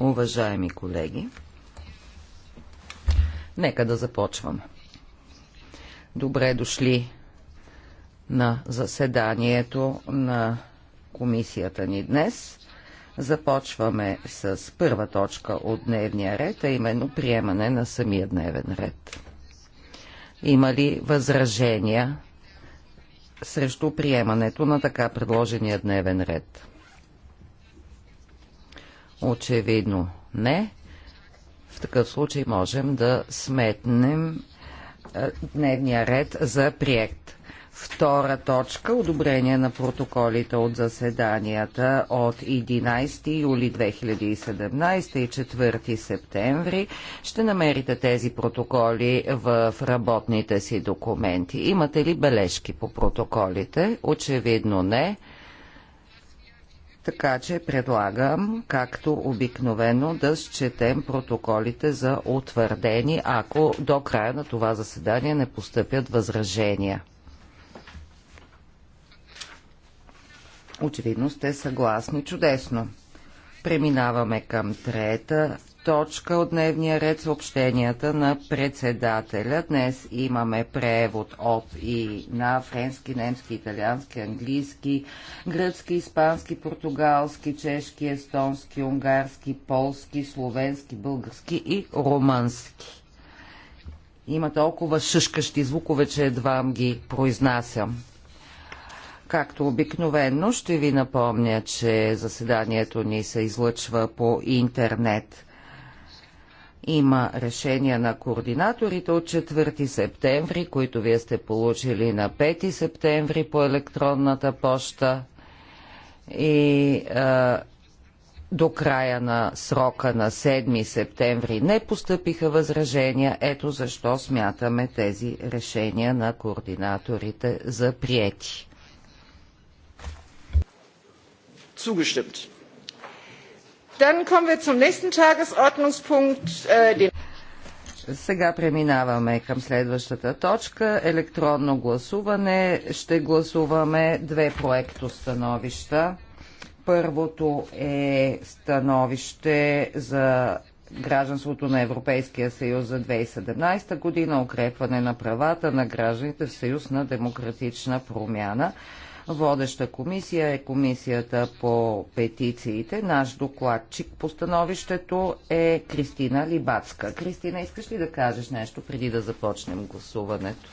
Уважаеми колеги, нека да започваме. Добре дошли на заседанието на комисията ни днес. Започваме с първа точка от дневния ред, а именно приемане на самия дневен ред. Има ли възражения срещу приемането на така предложения дневен ред? Очевидно не. В такъв случай можем да сметнем дневния ред за приект. Втора точка – одобрение на протоколите от заседанията от 11 юли 2017 и 4 септември. Ще намерите тези протоколи в работните си документи. Имате ли бележки по протоколите? Очевидно не. Така че предлагам, както обикновено, да счетем протоколите за утвърдени, ако до края на това заседание не постъпят възражения. Очевидно сте съгласни. Чудесно. Преминаваме към трета точка от дневния ред съобщенията на председателя. Днес имаме превод от и на френски, немски, италиански, английски, гръцки, испански, португалски, чешки, естонски, унгарски, полски, словенски, български и румънски. Има толкова шъшкащи звукове, че едва ги произнасям. Както обикновено ще ви напомня, че заседанието ни се излъчва по интернет. Има решения на координаторите от 4 септември, които вие сте получили на 5 септември по електронната поща. И е, до края на срока на 7 септември не постъпиха възражения. Ето защо смятаме тези решения на координаторите за приети. Zugestimmt. Dann kommen wir zum nächsten Tagesordnungspunkt. Äh, Сега преминаваме към следващата точка. Електронно гласуване. Ще гласуваме две проекто становища. Първото е становище за гражданството на Европейския съюз за 2017 година, укрепване на правата на гражданите в съюз на демократична промяна. Водеща комисия е комисията по петициите. Наш докладчик по становището е Кристина Либацка. Кристина, искаш ли да кажеш нещо преди да започнем гласуването?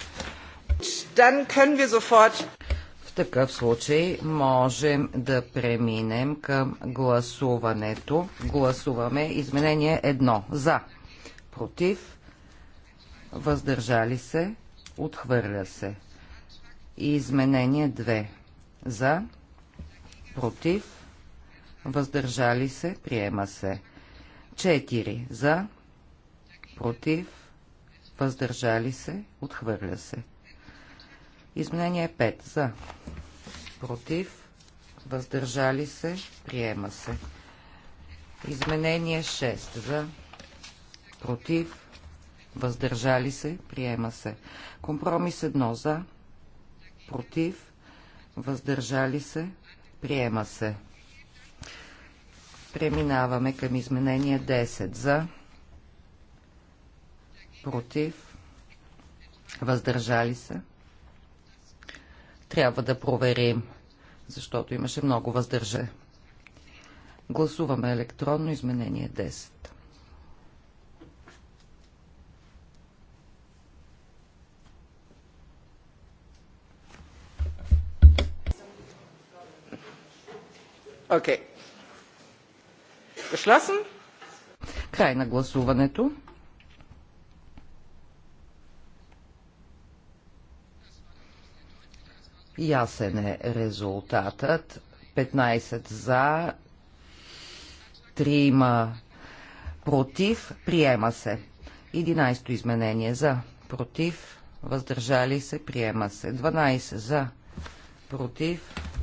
В такъв случай можем да преминем към гласуването. Гласуваме изменение едно. За. Против. Въздържали се. Отхвърля се. изменение 2. За. Против. Въздържали се. Приема се. 4. За. Против. Въздържали се. Отхвърля се. Изменение 5. За. Против. Въздържали се. Приема се. Изменение 6. За. Против. Въздържали се. Приема се. Компромис 1. За. Против въздържали се, приема се. Преминаваме към изменение 10 за, против, въздържали се. Трябва да проверим, защото имаше много въздържа. Гласуваме електронно изменение 10. Okay. Край на гласуването. Ясен е резултатът. 15 за, 3 против, приема се. 11 то изменение за, против, въздържали се, приема се. 12 за, против,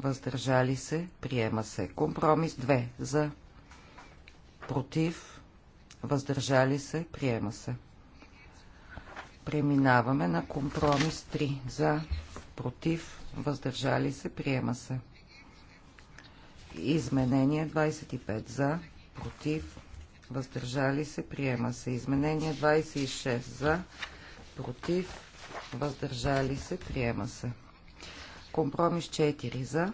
въздържали се, приема се. Компромис 2 за, против, въздържали се, приема се. Преминаваме на компромис 3 за, против, въздържали се, приема се. Изменение 25 за, против, въздържали се, приема се. Изменение 26 за, против, въздържали се, приема се. Компромис 4 за,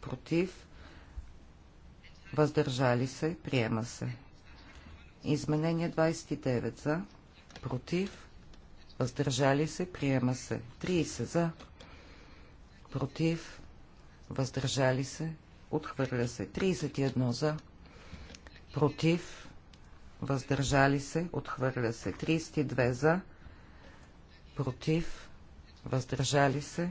против, въздържали се, приема се. Изменение 29 за, против, въздържали се, приема се. 30 за, против, въздържали се, отхвърля се. 31 за, против, въздържали се, отхвърля се. 32 за, против, въздържали се,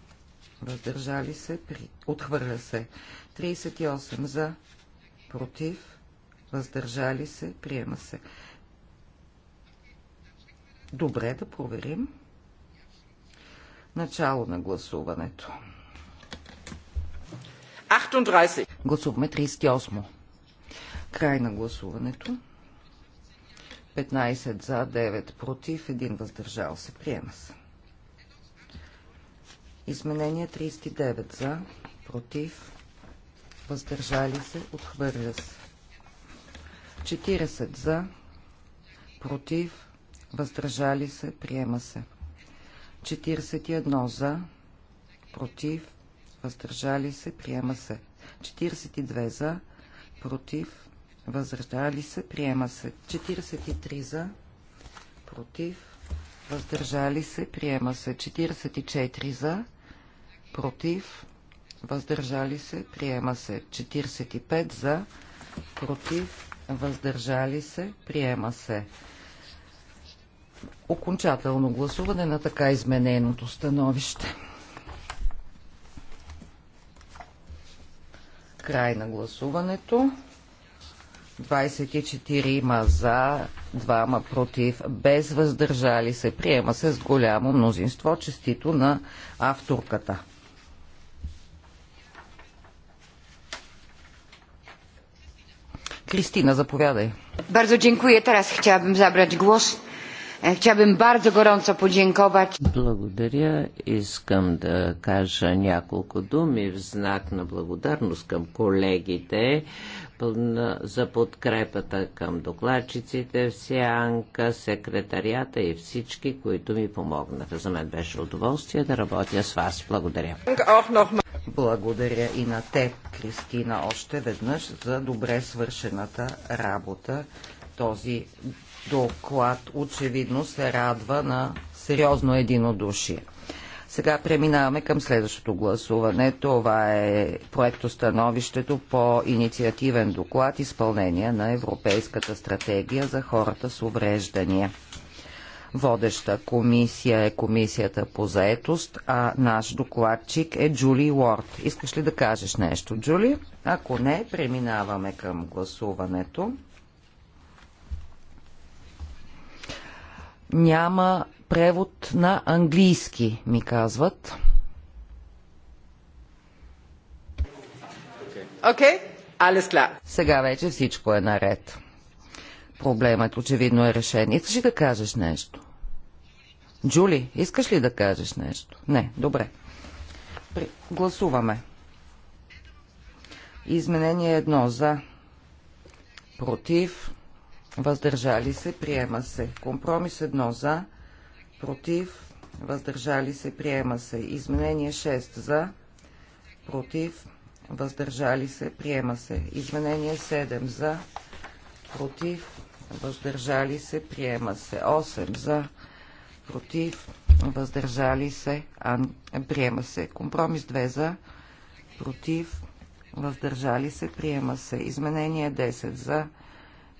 въздържали се, при... отхвърля се. 38 за, против, въздържали се, приема се. Добре, да проверим. Начало на гласуването. 38. Гласуваме 38. Край на гласуването. 15 за, 9 против, 1 въздържал се. Приема се. Изменение 39 за, против, въздържали се, отхвърля се. 40 за, против, въздържали се, приема се. 41 за, против, въздържали се, приема се. 42 за, против, въздържали се, приема се. 43 за, против, въздържали се, приема се. 44 за, против, въздържали се, приема се. 45 за, против, въздържали се, приема се. Окончателно гласуване на така измененото становище. Край на гласуването. 24 има за, 2 ма против, без въздържали се. Приема се с голямо мнозинство. Честито на авторката. Кристина, заповядай. Bardzo dziękuję. Teraz chciałabym zabrać głos. E, chciałabym bardzo gorąco podziękować. Благодаря. Искам да кажа няколко думи в знак на благодарност към колегите, за подкрепата към докладчиците в Сянка, секретарията и всички, които ми помогнаха. За мен беше удоволствие да работя с вас. Благодаря. Благодаря и на теб, Кристина, още веднъж за добре свършената работа. Този доклад очевидно се радва на сериозно единодушие. Сега преминаваме към следващото гласуване. Това е проектостановището по инициативен доклад изпълнение на Европейската стратегия за хората с увреждания. Водеща комисия е комисията по заетост, а наш докладчик е Джули Уорд. Искаш ли да кажеш нещо, Джули? Ако не, преминаваме към гласуването. Няма превод на английски, ми казват. Окей, okay. okay. Сега вече всичко е наред. Проблемът очевидно е решен. Искаш ли да кажеш нещо? Джули, искаш ли да кажеш нещо? Не, добре. При... Гласуваме. Изменение едно за. Против. Въздържали се. Приема се. Компромис едно за против, въздържали се, приема се. Изменение 6 за, против, въздържали се, приема се. Изменение 7 за, против, въздържали се, приема се. 8 за, против, въздържали се, а, приема се. Компромис 2 за, против, въздържали се, приема се. Изменение 10 за,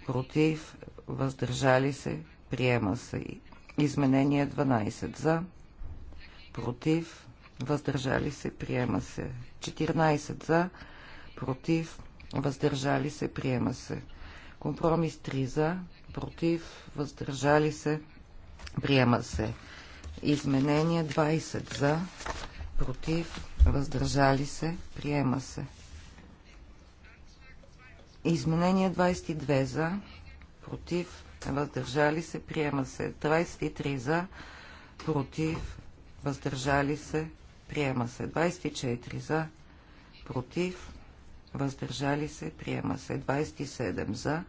против, въздържали се, приема се. Изменение 12 за, против, въздържали се, приема се. 14 за, против, въздържали се, приема се. Компромис 3 за, против, въздържали се, приема се. Изменение 20 за, против, въздържали се, приема се. Изменение 22 за, против, въздържали се, приема се. 23 за, против, въздържали се, приема се. 24 за, против, въздържали се, приема се. 27 за,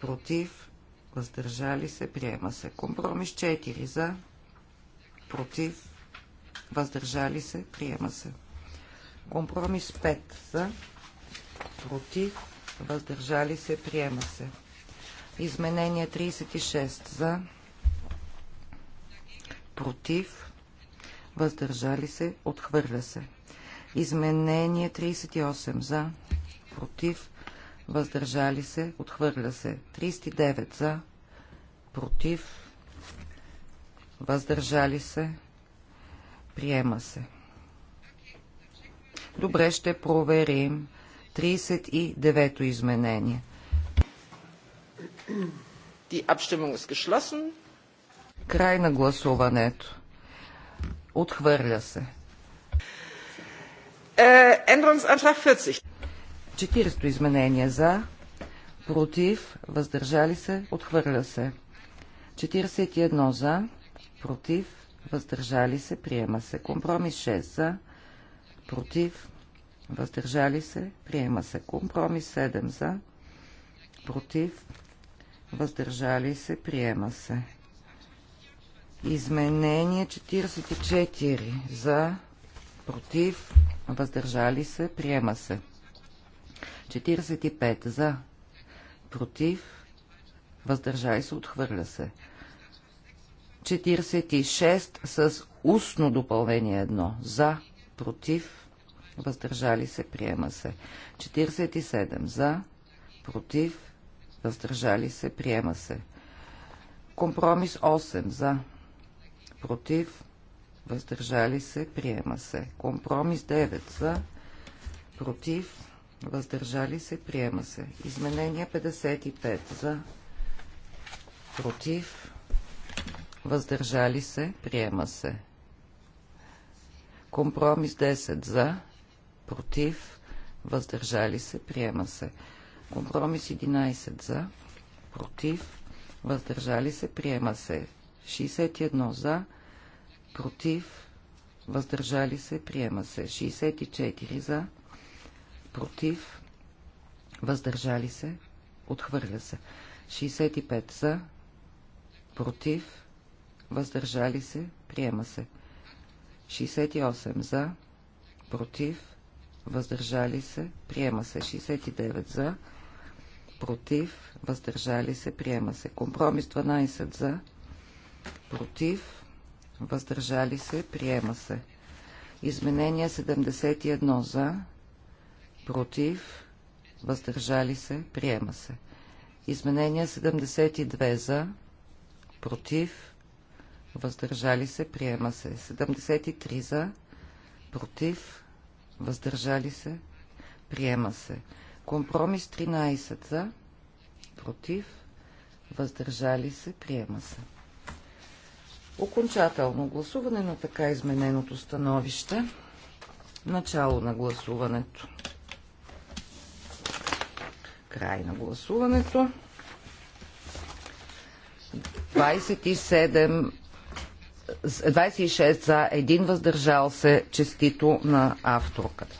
против, въздържали се, приема се. Компромис 4 за, против, въздържали се, приема се. Компромис 5 за, против, въздържали се, приема се. Изменение 36 за, против, въздържали се, отхвърля се. Изменение 38 за, против, въздържали се, отхвърля се. 39 за, против, въздържали се, приема се. Добре, ще проверим 39-то изменение. 39 Край на гласуването. Отхвърля се. 40. Е, изменение за, против, въздържали се, отхвърля се. 41 за, против, въздържали се, приема се. Компромис 6 за, против, въздържали се, приема се. Компромис 7 за, против, въздържали се, приема се. Изменение 44 за, против, въздържали се, приема се. 45 за, против, въздържали се, отхвърля се. 46 с устно допълнение 1 за, против, въздържали се, приема се. 47 за, против, въздържали се, приема се. Компромис 8 за, против, въздържали се, приема се. Компромис 9 за, против, въздържали се, приема се. Изменение 55 за, против, въздържали се, приема се. Компромис 10 за, против, въздържали се, приема се. Компромис 11 за, против, въздържали се, приема се. 61 за, против, въздържали се, приема се. 64 за, против, въздържали се, отхвърля се. 65 за, против, въздържали се, приема се. 68 за, против, въздържали се, приема се. 69 за, против, против, въздържали се, приема се. Компромис 12 за, против, въздържали се, приема се. Изменение 71 за, против, въздържали се, приема се. Изменение 72 за, против, въздържали се, приема се. 73 за, против, въздържали се, приема се. Компромис 13 за, против, въздържали се, приема се. Окончателно гласуване на така измененото становище. Начало на гласуването. Край на гласуването. 27 26 за, 1 въздържал се, честито на авторката.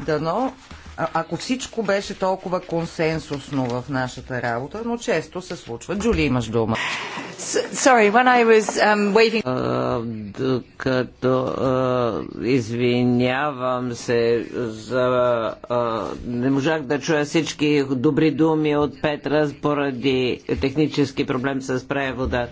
Дано, ако всичко беше толкова консенсусно в нашата работа, но често се случва. Джули, имаш дума. Sorry, when I was um, waving... Uh, докато uh, извинявам се за... Uh, не можах да чуя всички добри думи от Петра поради технически проблем с превода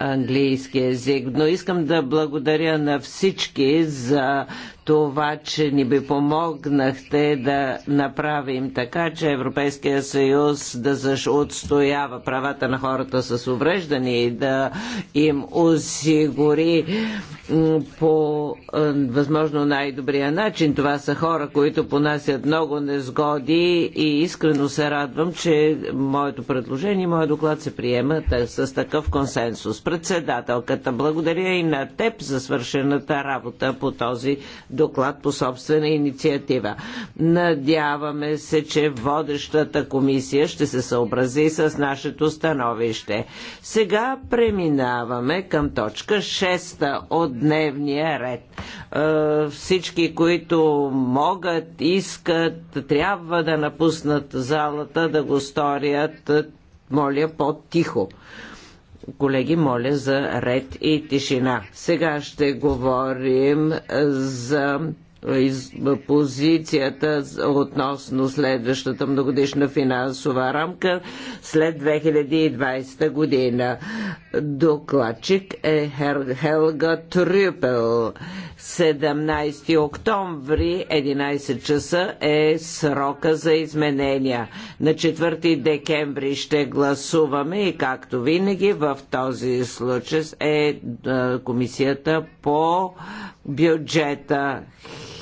английски язик. Но искам да благодаря на всички за това, че ни би помогнахте да направим така, че Европейския съюз да отстоява правата на хората с увреждане и да им осигури по възможно най-добрия начин. Това са хора, които понасят много незгоди и искрено се радвам, че моето предложение и моят доклад се приемат с такъв консенсус председателката. Благодаря и на теб за свършената работа по този доклад по собствена инициатива. Надяваме се, че водещата комисия ще се съобрази с нашето становище. Сега преминаваме към точка 6 от дневния ред. Е, всички, които могат, искат, трябва да напуснат залата, да го сторят, е, моля, по-тихо. Колеги, моля за ред и тишина. Сега ще говорим за позицията относно следващата многодишна финансова рамка след 2020 година. Докладчик е Хелга Трюпел. 17 октомври 11 часа е срока за изменения. На 4 декември ще гласуваме и както винаги в този случай е, е комисията по бюджета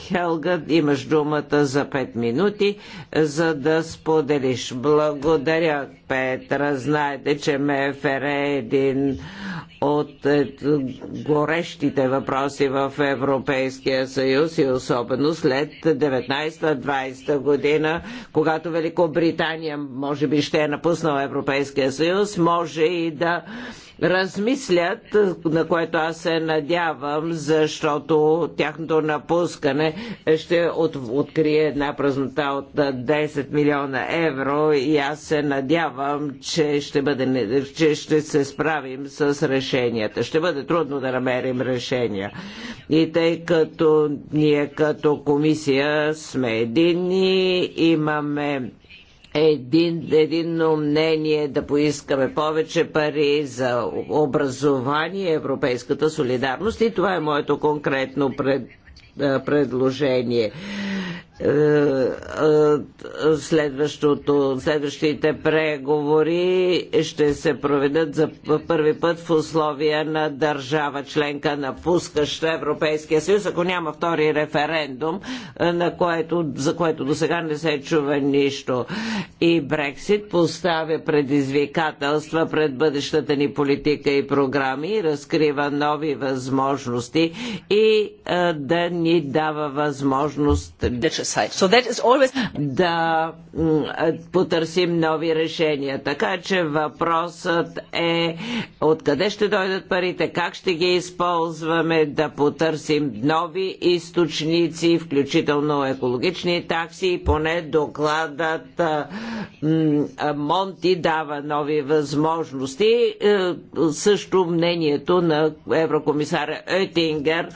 Хелга, имаш думата за 5 минути, за да споделиш. Благодаря, Петра. Знаете, че ме е един от е, горещите въпроси в Европейския съюз и особено след 19-20 година, когато Великобритания може би ще е напуснала Европейския съюз, може и да размислят, на което аз се надявам, защото тяхното напускане ще от, открие една празнота от 10 милиона евро и аз се надявам надявам, че ще, бъде, че ще се справим с решенията. Ще бъде трудно да намерим решения. И тъй като ние като комисия сме едини, имаме един, единно мнение да поискаме повече пари за образование, европейската солидарност и това е моето конкретно пред, предложение е, е, следващото, следващите преговори ще се проведат за първи път в условия на държава членка напускаща Европейския съюз, ако няма втори референдум, е, на което, за което до сега не се чува нищо. И Брексит поставя предизвикателства пред бъдещата ни политика и програми, разкрива нови възможности и да ни дава възможност да side. So that is always... Да потърсим нови решения. Така че въпросът е откъде ще дойдат парите, как ще ги използваме, да потърсим нови източници, включително екологични такси и поне докладът Монти дава нови възможности. Е, също мнението на еврокомисаря Етингер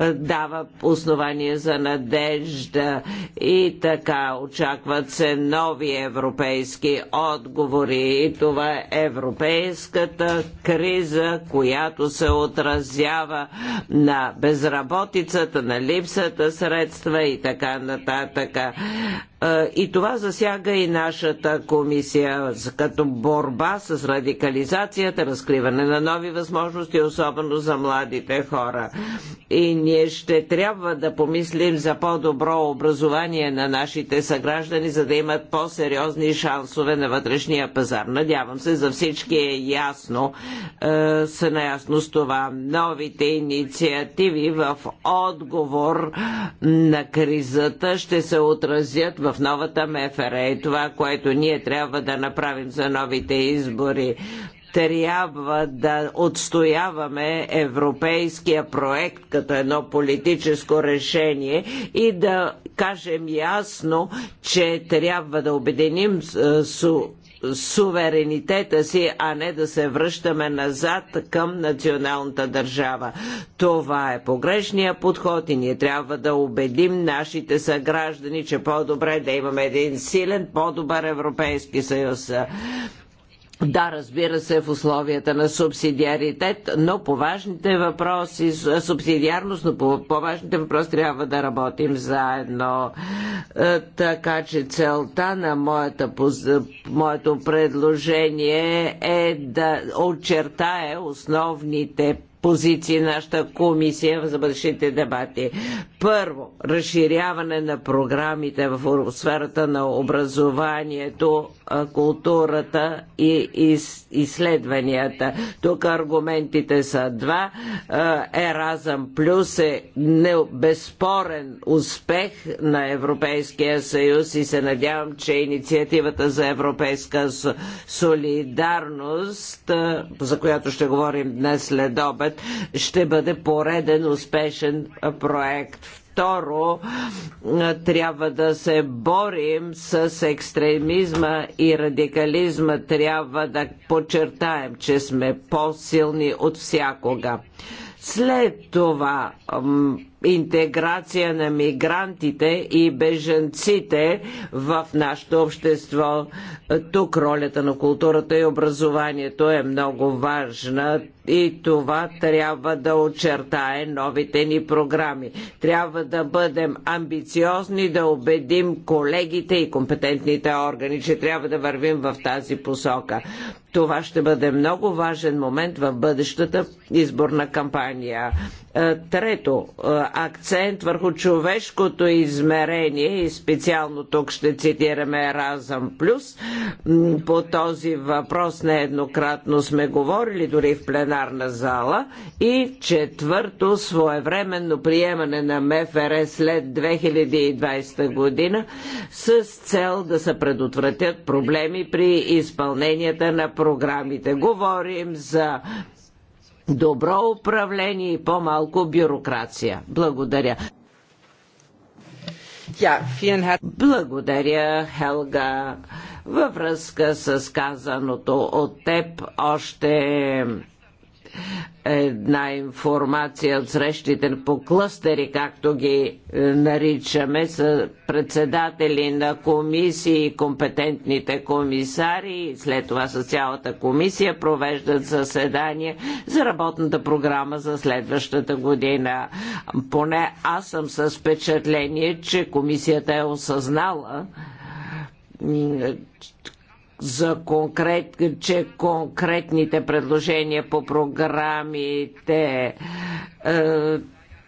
е, дава основание за надежда. И така очакват се нови европейски отговори. И това е европейската криза, която се отразява на безработицата, на липсата средства и така нататък. Е, и това засяга и нашата комисия като борба с радикализацията, разкриване на нови възможности, особено за младите хора. И ние ще трябва да помислим за по-добро образование образование на нашите съграждани, за да имат по-сериозни шансове на вътрешния пазар. Надявам се, за всички е ясно, е, са наясно с това. Новите инициативи в отговор на кризата ще се отразят в новата МФР и това, което ние трябва да направим за новите избори трябва да отстояваме европейския проект като едно политическо решение и да кажем ясно, че трябва да обединим е, су суверенитета си, а не да се връщаме назад към националната държава. Това е погрешния подход и ние трябва да убедим нашите съграждани, че по-добре да имаме един силен, по-добър Европейски съюз. Да, разбира се, в условията на субсидиаритет, но по важните въпроси, субсидиарност, но по, по важните въпроси трябва да работим заедно. Е, така че целта на моята, моето предложение е да очертае основните позиции нашата комисия за бъдещите дебати. Първо, разширяване на програмите в сферата на образованието културата и изследванията. Тук аргументите са два. Еразъм Плюс е не, безспорен успех на Европейския съюз и се надявам, че инициативата за европейска солидарност, за която ще говорим днес след обед, ще бъде пореден успешен проект второ, трябва да се борим с екстремизма и радикализма. Трябва да подчертаем, че сме по-силни от всякога. След това интеграция на мигрантите и беженците в нашето общество. Тук ролята на културата и образованието е много важна и това трябва да очертае новите ни програми. Трябва да бъдем амбициозни, да убедим колегите и компетентните органи, че трябва да вървим в тази посока. Това ще бъде много важен момент в бъдещата изборна кампания. Е, трето, е, акцент върху човешкото измерение и специално тук ще цитираме Разъм Плюс. По този въпрос нееднократно сме говорили дори в пленарна зала. И четвърто, своевременно приемане на МФР след 2020 година с цел да се предотвратят проблеми при изпълненията на програмите. Говорим за добро управление и по-малко бюрокрация. Благодаря. Благодаря, Хелга. Във връзка с казаното от теб още една информация от срещите по клъстери, както ги е, наричаме, са председатели на комисии, компетентните комисари, след това с цялата комисия провеждат заседания за работната програма за следващата година. Поне аз съм с впечатление, че комисията е осъзнала за конкрет, че конкретните предложения по програмите е,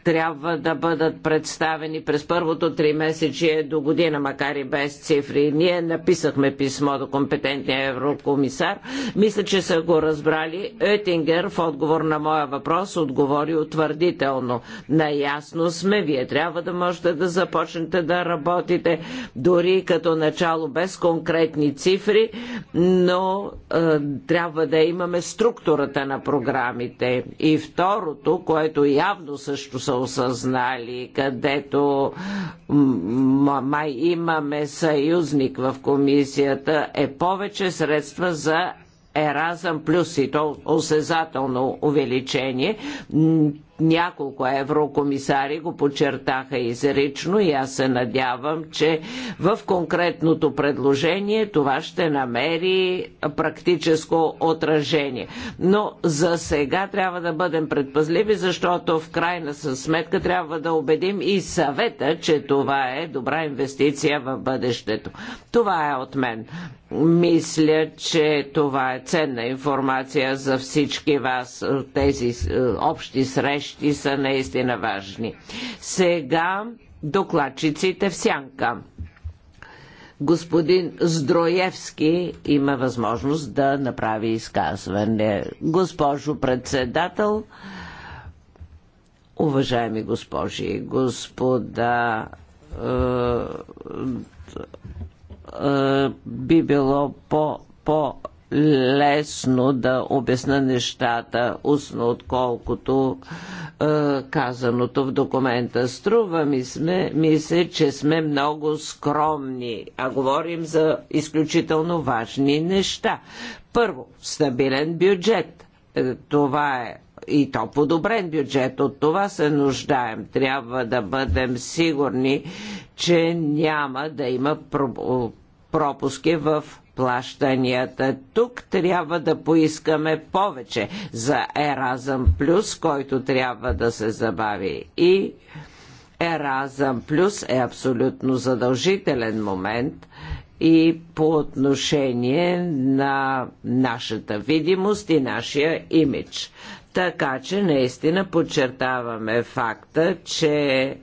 трябва да бъдат представени през първото три месечие до година, макар и без цифри. Ние написахме писмо до компетентния еврокомисар. Мисля, че са го разбрали. Етингер в отговор на моя въпрос отговори утвърдително. Наясно сме, вие трябва да можете да започнете да работите дори като начало без конкретни цифри, но е, трябва да имаме структурата на програмите. И второто, което явно също са осъзнали, където май имаме съюзник в комисията, е повече средства за Еразъм плюс и то осезателно увеличение няколко еврокомисари го подчертаха изрично и аз се надявам, че в конкретното предложение това ще намери практическо отражение. Но за сега трябва да бъдем предпазливи, защото в крайна сметка трябва да убедим и съвета, че това е добра инвестиция в бъдещето. Това е от мен. Мисля, че това е ценна информация за всички вас. Тези е, общи срещи са наистина важни. Сега докладчиците в сянка. Господин Здроевски има възможност да направи изказване. Госпожо председател, уважаеми госпожи и господа, е, би било по, по лесно да обясна нещата устно, отколкото е, казаното в документа. Струва ми, сме, мисля, че сме много скромни, а говорим за изключително важни неща. Първо, стабилен бюджет. Е, това е и то подобрен бюджет. От това се нуждаем. Трябва да бъдем сигурни, че няма да има пропуски в плащанията. Тук трябва да поискаме повече за Еразъм Плюс, който трябва да се забави. И Еразъм Плюс е абсолютно задължителен момент и по отношение на нашата видимост и нашия имидж. Така че наистина подчертаваме факта, че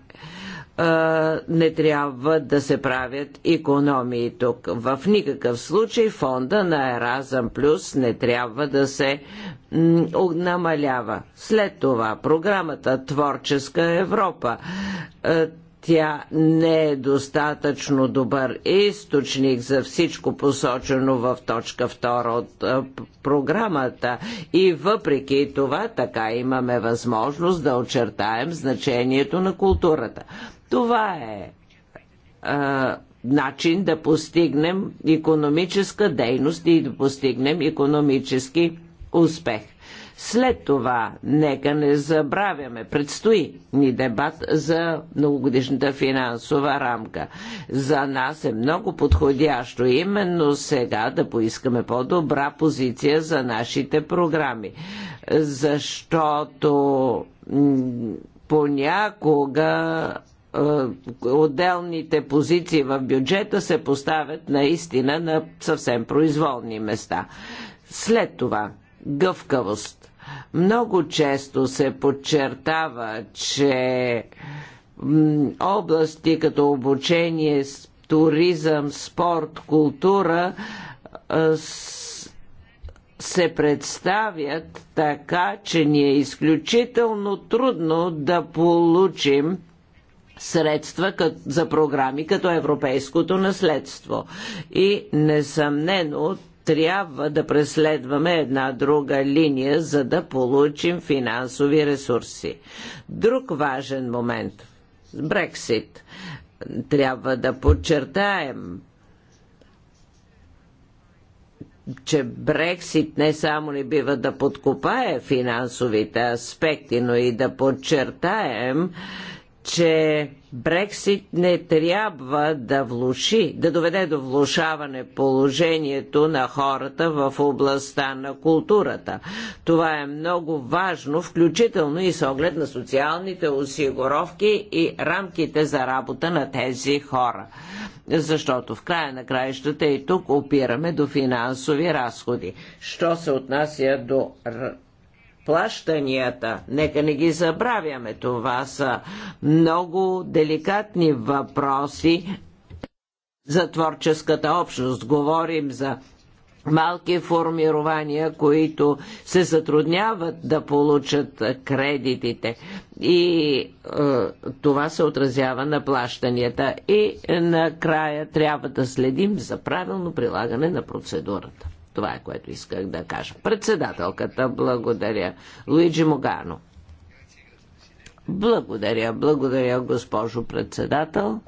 не трябва да се правят економии тук. В никакъв случай фонда на Еразъм Плюс не трябва да се намалява. След това програмата Творческа Европа тя не е достатъчно добър източник за всичко посочено в точка 2 от програмата и въпреки това така имаме възможност да очертаем значението на културата. Това е а, начин да постигнем економическа дейност и да постигнем економически успех. След това, нека не забравяме, предстои ни дебат за многогодишната финансова рамка. За нас е много подходящо именно сега да поискаме по-добра позиция за нашите програми, защото понякога е, отделните позиции в бюджета се поставят наистина на съвсем произволни места. След това гъвкавост. Много често се подчертава, че области като обучение, туризъм, спорт, култура се представят така, че ни е изключително трудно да получим средства за програми като Европейското наследство. И несъмнено трябва да преследваме една друга линия, за да получим финансови ресурси. Друг важен момент – Брексит. Трябва да подчертаем, че Брексит не само не бива да подкопае финансовите аспекти, но и да подчертаем, че Брексит не трябва да влуши, да доведе до влушаване положението на хората в областта на културата. Това е много важно, включително и с оглед на социалните осигуровки и рамките за работа на тези хора. Защото в края на краищата и тук опираме до финансови разходи. Що се отнася до плащанията. Нека не ги забравяме. Това са много деликатни въпроси за творческата общност. Говорим за малки формирования, които се затрудняват да получат кредитите. И е, това се отразява на плащанията. И накрая трябва да следим за правилно прилагане на процедурата. Това е което исках да кажа. Председателката, благодаря. Луиджи Могано. Благодаря, благодаря, госпожо председател.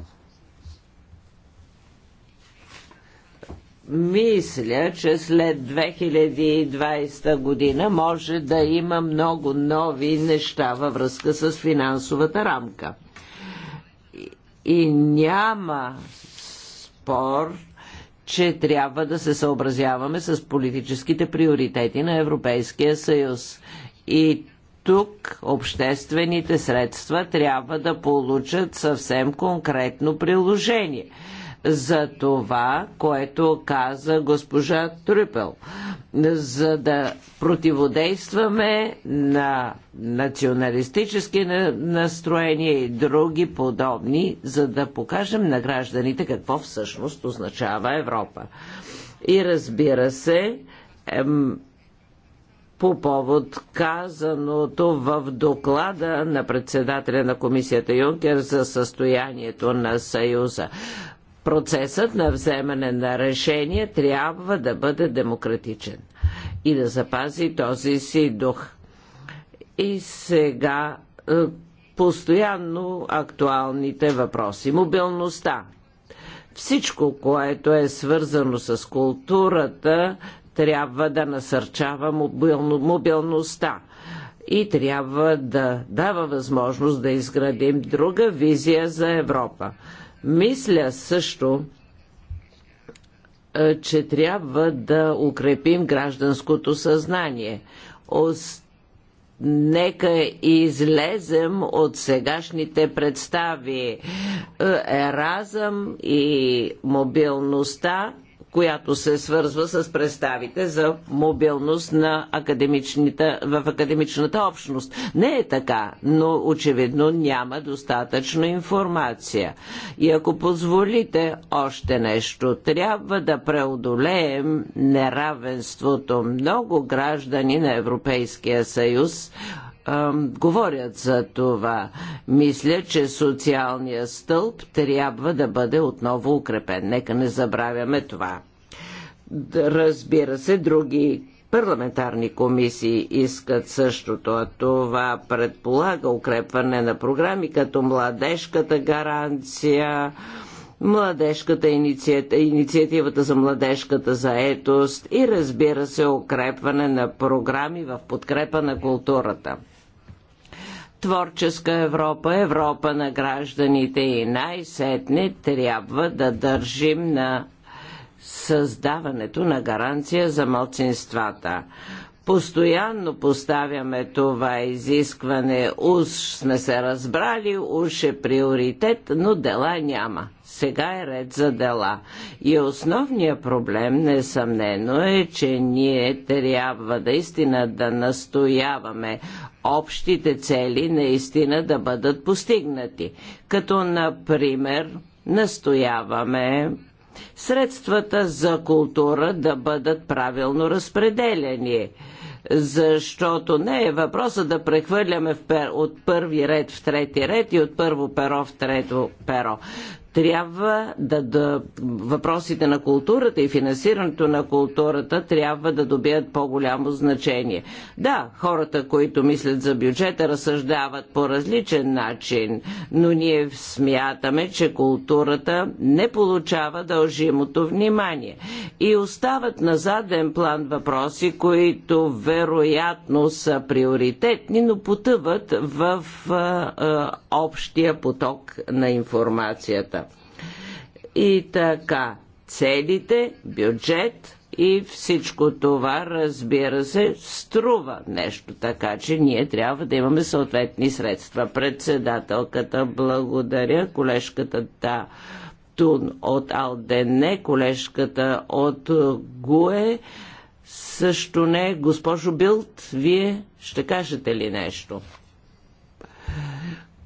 Мисля, че след 2020 година може да има много нови неща във връзка с финансовата рамка. И, и няма спор, че трябва да се съобразяваме с политическите приоритети на Европейския съюз. И тук обществените средства трябва да получат съвсем конкретно приложение за това, което каза госпожа Трюпел, за да противодействаме на националистически настроения и други подобни, за да покажем на гражданите какво всъщност означава Европа. И разбира се, ем, по повод казаното в доклада на председателя на комисията Юнкер за състоянието на Съюза процесът на вземане на решение трябва да бъде демократичен и да запази този си дух. И сега е, постоянно актуалните въпроси. Мобилността. Всичко, което е свързано с културата, трябва да насърчава мобилно, мобилността и трябва да дава възможност да изградим друга визия за Европа. Мисля също, е, че трябва да укрепим гражданското съзнание. Нека излезем от сегашните представи. Е, Еразъм и мобилността която се свързва с представите за мобилност на академичната, в академичната общност. Не е така, но очевидно няма достатъчно информация. И ако позволите още нещо, трябва да преодолеем неравенството. Много граждани на Европейския съюз говорят за това. Мисля, че социалния стълб трябва да бъде отново укрепен. Нека не забравяме това. Разбира се, други парламентарни комисии искат същото, а това предполага укрепване на програми като младежката гаранция, младежката инициатива, инициативата за младежката заетост и разбира се укрепване на програми в подкрепа на културата. Творческа Европа, Европа на гражданите и най-сетне трябва да държим на създаването на гаранция за мълцинствата. Постоянно поставяме това изискване. Уж сме се разбрали, уж е приоритет, но дела няма. Сега е ред за дела. И основният проблем, несъмнено, е, че ние трябва наистина да настояваме общите цели наистина да бъдат постигнати. Като, например, настояваме средствата за култура да бъдат правилно разпределени защото не е въпроса да прехвърляме в пер, от първи ред в трети ред и от първо перо в трето перо трябва да, да въпросите на културата и финансирането на културата трябва да добият по-голямо значение. Да, хората, които мислят за бюджета, разсъждават по различен начин, но ние смятаме, че културата не получава дължимото внимание. И остават на заден план въпроси, които вероятно са приоритетни, но потъват в а, а, общия поток на информацията. И така, целите, бюджет и всичко това, разбира се, струва нещо, така че ние трябва да имаме съответни средства. Председателката благодаря, колежката да. Тун от Алдене, колежката от Гуе, също не. Госпожо Билт, вие ще кажете ли нещо?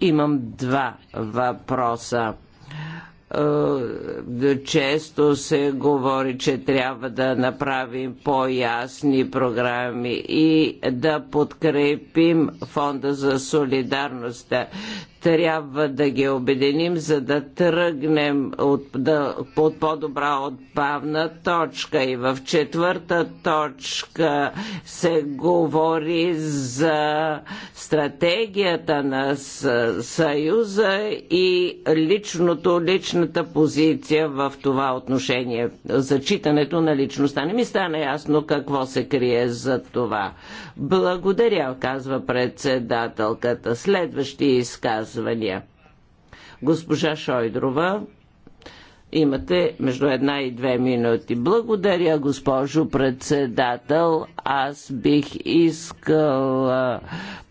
Имам два въпроса е, често се говори, че трябва да направим по-ясни програми и да подкрепим фонда за солидарност трябва да ги обединим, за да тръгнем от, да, от по-добра отпавна точка. И в четвърта точка се говори за стратегията на Съюза и личното, личната позиция в това отношение. Зачитането на личността. Не ми стана ясно какво се крие за това. Благодаря, казва председателката. Следващи изказ изказвания. Госпожа Шойдрова, Имате между една и две минути. Благодаря, госпожо председател. Аз бих искала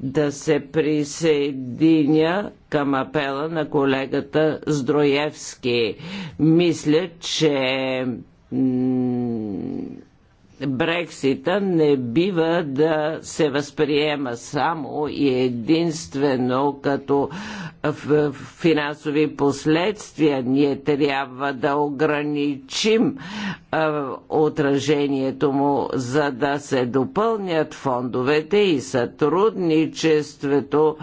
да се присъединя към апела на колегата Здроевски. Мисля, че Брексита не бива да се възприема само и единствено като финансови последствия. Ние трябва да ограничим отражението му, за да се допълнят фондовете и сътрудничеството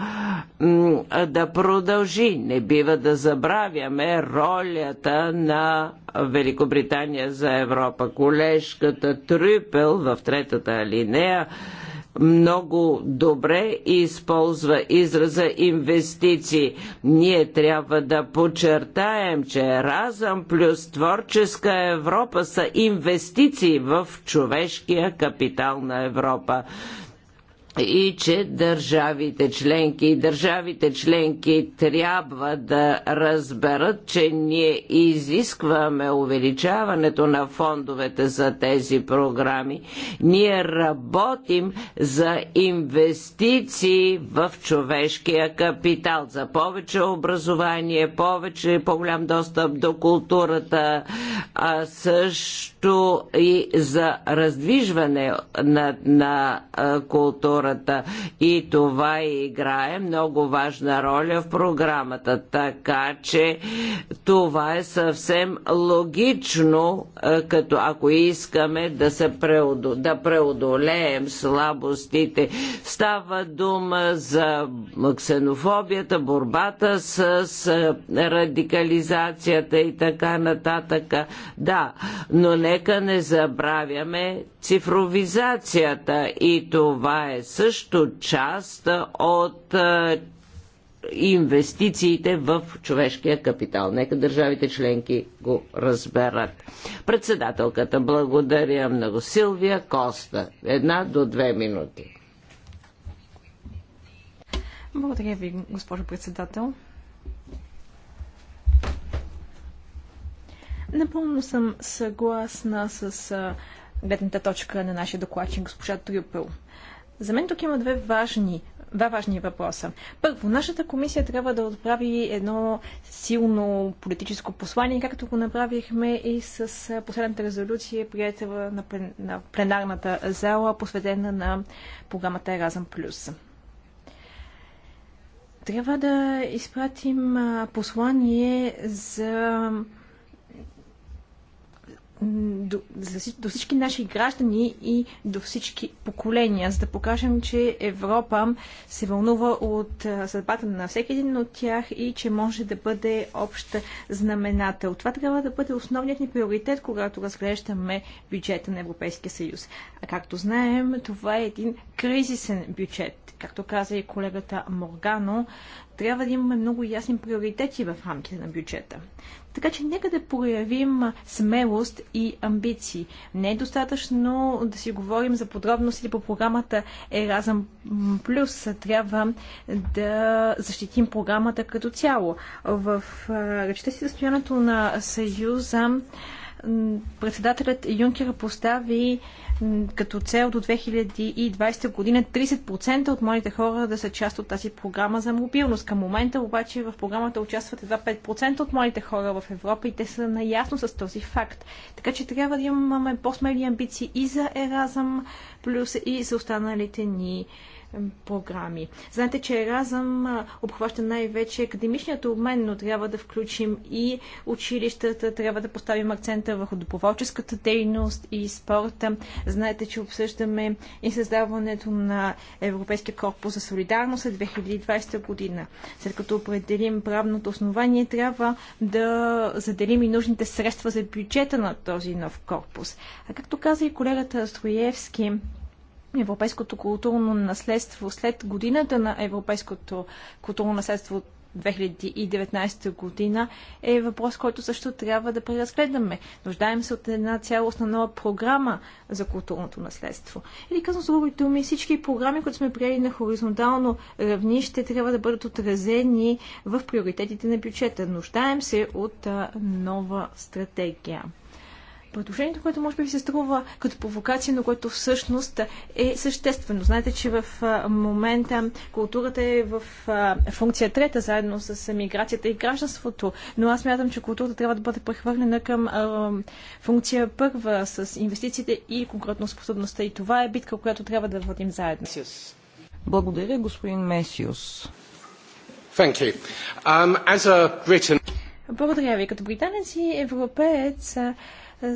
да продължи. Не бива да забравяме ролята на Великобритания за Европа. Колежката Трюпел в третата алинея много добре използва израза инвестиции. Ние трябва да подчертаем, че разъм плюс творческа Европа са инвестиции в човешкия капитал на Европа и че държавите членки и държавите членки трябва да разберат, че ние изискваме увеличаването на фондовете за тези програми. Ние работим за инвестиции в човешкия капитал, за повече образование, повече по-голям достъп до културата, а също и за раздвижване на, на култура хората. И това играе много важна роля в програмата. Така че това е съвсем логично, е, като ако искаме да, се преодол... да преодолеем слабостите. Става дума за ксенофобията, борбата с е, радикализацията и така нататък. Да, но нека не забравяме цифровизацията и това е също част от инвестициите в човешкия капитал. Нека държавите членки го разберат. Председателката, благодаря много. Силвия Коста, една до две минути. Благодаря ви, госпожо председател. Напълно съм съгласна с гледната точка на нашия докладчик, госпожа Трюпел. За мен тук има две важни два важни въпроса. Първо, нашата комисия трябва да отправи едно силно политическо послание, както го направихме и с последната резолюция, приятел на, плен, на пленарната зала, посветена на програмата Еразъм Плюс. Трябва да изпратим послание за до, за, до всички наши граждани и до всички поколения, за да покажем, че Европа се вълнува от съдбата на всеки един от тях и че може да бъде обща знаменател. Това трябва да бъде основният ни приоритет, когато разглеждаме бюджета на Европейския съюз. А както знаем, това е един кризисен бюджет. Както каза и колегата Моргано, трябва да имаме много ясни приоритети в рамките на бюджета. Така че нека да проявим смелост и амбиции. Не е достатъчно да си говорим за подробности по програмата Еразъм Плюс. Трябва да защитим програмата като цяло. В речта си състоянието на Съюза председателят Юнкер постави като цел до 2020 година 30% от младите хора да са част от тази програма за мобилност. Към момента обаче в програмата участват едва 5% от младите хора в Европа и те са наясно с този факт. Така че трябва да имаме по-смели амбиции и за Еразъм, плюс и за останалите ни програми. Знаете, че Еразъм обхваща най-вече академичният обмен, но трябва да включим и училищата, трябва да поставим акцента върху доброволческата дейност и спорта. Знаете, че обсъждаме и създаването на Европейския корпус за солидарност след 2020 година. След като определим правното основание, трябва да заделим и нужните средства за бюджета на този нов корпус. А както каза и колегата Строевски, европейското културно наследство след годината на европейското културно наследство от 2019 година е въпрос, който също трябва да преразгледаме. Нуждаем се от една цялостна нова програма за културното наследство. Или казвам с други думи, всички програми, които сме приели на хоризонтално равнище, трябва да бъдат отразени в приоритетите на бюджета. Нуждаем се от нова стратегия. Предложението, което може би ви се струва като провокация, но което всъщност е съществено. Знаете, че в момента културата е в функция трета, заедно с миграцията и гражданството, но аз мятам, че културата трябва да бъде прехвърлена към функция първа с инвестициите и конкретно способността. И това е битка, която трябва да водим заедно. Благодаря, господин Месиус. Um, Britain... Благодаря ви. Като британец и европеец,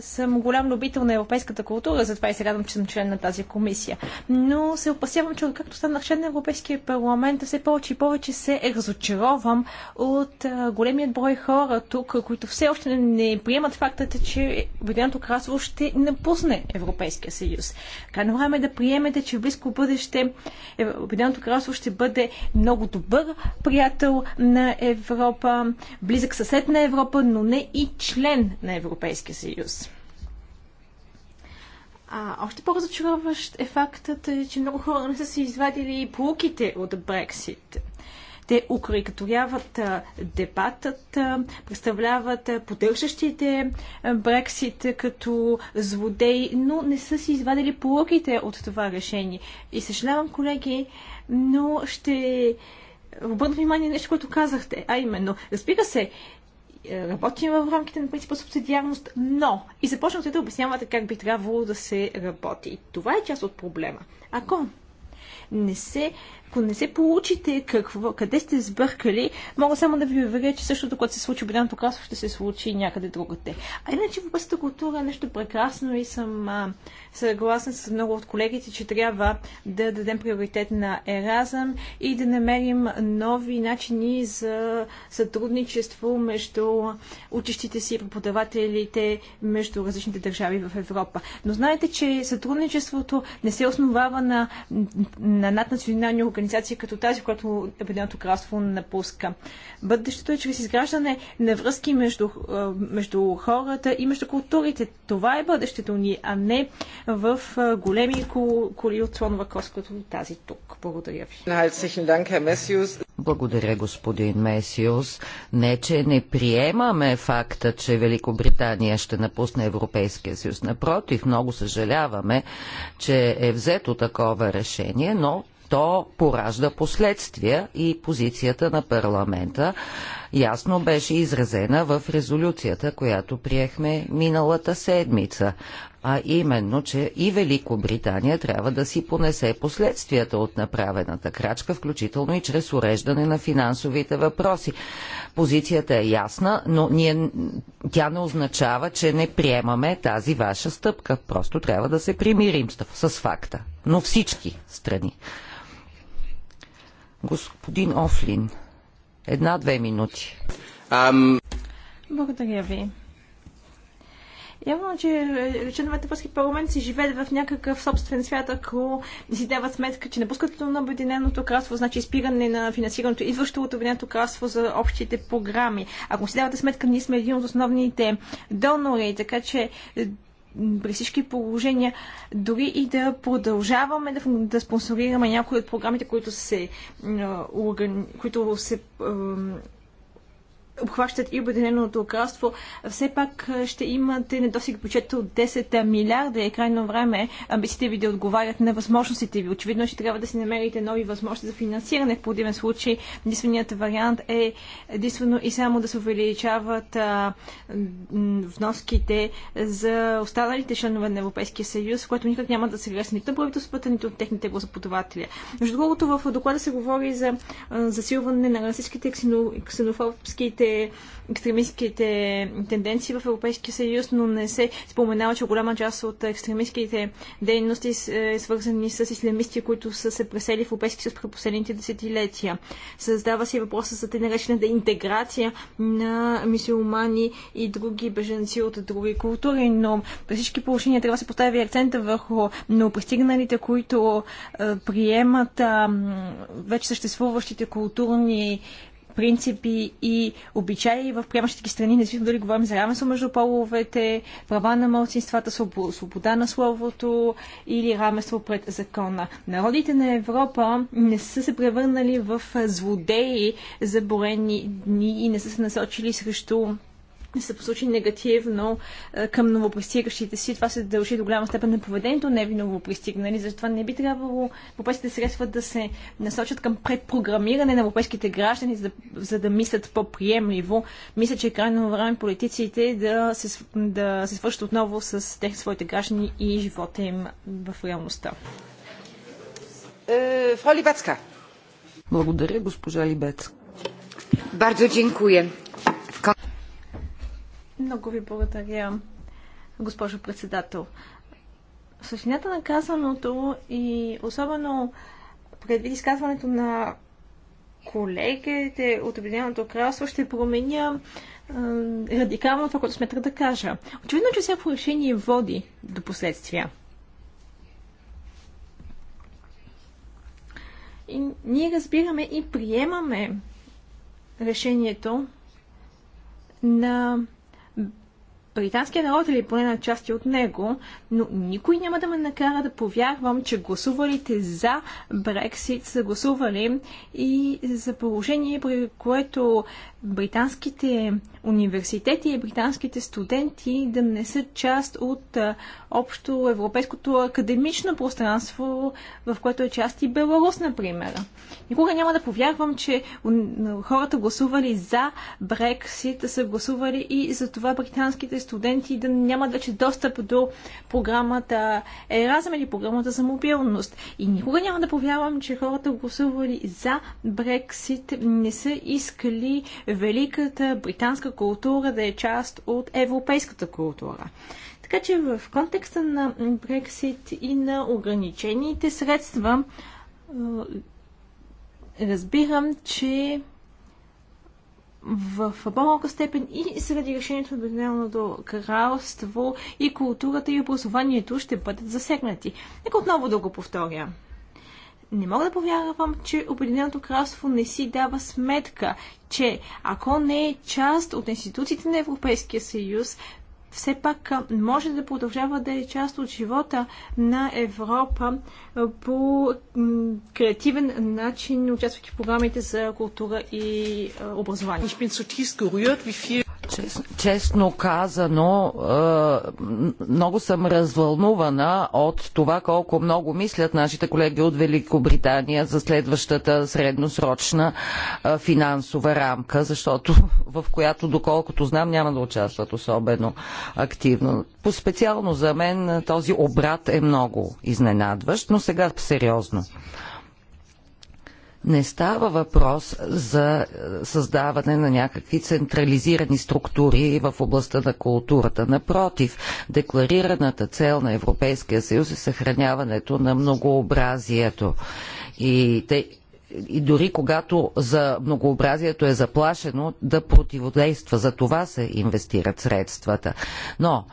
съм голям любител на европейската култура, затова и се радвам, че съм член на тази комисия. Но се опасявам, че откакто станах член на Европейския парламент, все повече и повече се разочаровам от големият брой хора тук, които все още не приемат фактата, че Обединеното кралство ще напусне Европейския съюз. Крайно време е да приемете, че в близко бъдеще е, Обединеното кралство ще бъде много добър приятел на Европа, близък съсед на Европа, но не и член на Европейския съюз. А, още по-разочароващ е фактът, е, че много хора не са си извадили полуките от Брексит. Те укрикаторяват дебатът, представляват поддържащите Брексит като злодеи, но не са си извадили полуките от това решение. И съжалявам, колеги, но ще обърна внимание на нещо, което казахте, а именно, разбира се, работим в рамките на принципа субсидиарност, но и започнахте да обяснявате как би трябвало да се работи. Това е част от проблема. Ако не се ако не се получите какво, къде сте сбъркали, мога само да ви уверя, че същото, което се случи в красно, ще се случи някъде другаде. А иначе въпросната култура е нещо прекрасно и съм а, съгласна с много от колегите, че трябва да дадем приоритет на еразъм и да намерим нови начини за сътрудничество между учещите си и преподавателите между различните държави в Европа. Но знаете, че сътрудничеството не се основава на, на наднационални организации, организация като тази, която Обединеното кралство напуска. Бъдещето е чрез изграждане на връзки между, е, между хората и между културите. Това е бъдещето ни, а не в е, големи коли от слонова кост, като тази тук. Благодаря ви. Е Благодаря, господин Месиус. Не, че не приемаме факта, че Великобритания ще напусне Европейския съюз. Напротив, много съжаляваме, че е взето такова решение, но то поражда последствия и позицията на парламента ясно беше изразена в резолюцията, която приехме миналата седмица, а именно, че и Великобритания трябва да си понесе последствията от направената крачка, включително и чрез уреждане на финансовите въпроси. Позицията е ясна, но ние, тя не означава, че не приемаме тази ваша стъпка. Просто трябва да се примирим с факта. Но всички страни. Господин Офлин, една-две минути. Благодаря ви. Явно, че е, членовете в парламент си живеят в някакъв собствен свят, ако не си дават сметка, че напускането на Обединеното кралство значи спиране на финансирането, идващо от Обединеното кралство за общите програми. Ако си давате сметка, ние сме един от основните донори, така че е, при всички положения, дори и да продължаваме да, да спонсорираме някои от програмите, които се, които се обхващат и Обединеното кралство, все пак ще имате недосиг бюджет от 10 милиарда и е крайно време амбициите ви да отговарят на възможностите ви. Очевидно ще трябва да си намерите нови възможности за финансиране. В противен случай единственият вариант е единствено и само да се увеличават а, вноските за останалите членове на Европейския съюз, което никак няма да се греси нито правителствата, нито от техните гласоподаватели. Между другото, в доклада се говори за засилване на расистските ксенофобските екстремистските, екстремистските тенденции в Европейския съюз, но не се споменава, че голяма част от екстремистските дейности са е, свързани с ислямисти, които са се пресели в Европейския съюз през последните десетилетия. Създава се въпроса за тъй наречената интеграция на мисиомани и други беженци от други култури, но при всички положения трябва да се постави акцента върху новопристигналите, които е, приемат вече съществуващите културни принципи и обичаи в приемащите страни, независимо дали говорим за равенство между половете, права на младсинствата, свобода на словото или равенство пред закона. Народите на Европа не са се превърнали в злодеи за борени дни и не са се насочили срещу не се посочи негативно е, към новопристигащите си. Това се дължи до голяма степен на поведението не ви новопристигнали. Затова не би трябвало европейските средства да се насочат към предпрограмиране на европейските граждани, за да, за да мислят по-приемливо. Мисля, че е крайно време политиците да се, да се свършат отново с тех, своите граждани и живота им в реалността. Е, фрау Благодаря, госпожа Либецка. Бардзо dziękuję. Много ви благодаря, госпожо председател. Същината на казаното и особено предвид изказването на колегите от Обединеното кралство ще променя е, радикално това, което смета да кажа. Очевидно, че всяко решение води до последствия. И ние разбираме и приемаме решението на британския народ или поне на части от него, но никой няма да ме накара да повярвам, че гласувалите за Брексит са гласували и за положение, при което британските университети и британските студенти да не са част от общо европейското академично пространство, в което е част и Беларус, например. Никога няма да повярвам, че хората гласували за Брексит, са гласували и за това британските студенти да нямат вече достъп до програмата Еразъм или програмата за мобилност. И никога няма да повярвам, че хората гласували за Брексит не са искали великата британска култура да е част от европейската култура. Така че в контекста на Брексит и на ограничените средства разбирам, че в по-малка степен и среди решението на Обединеното кралство и културата и образованието ще бъдат засегнати. Нека отново да го повторя не мога да повярвам, че Обединеното кралство не си дава сметка, че ако не е част от институциите на Европейския съюз, все пак може да продължава да е част от живота на Европа по креативен начин, участвайки в програмите за култура и образование. Честно, честно казано, е, много съм развълнувана от това колко много мислят нашите колеги от Великобритания за следващата средносрочна е, финансова рамка, защото в която, доколкото знам, няма да участват особено активно. По специално за мен е, този обрат е много изненадващ, но сега сериозно не става въпрос за е, създаване на някакви централизирани структури в областта на културата. Напротив, декларираната цел на Европейския съюз е съхраняването на многообразието. И те и дори когато за многообразието е заплашено, да противодейства. За това се инвестират средствата. Но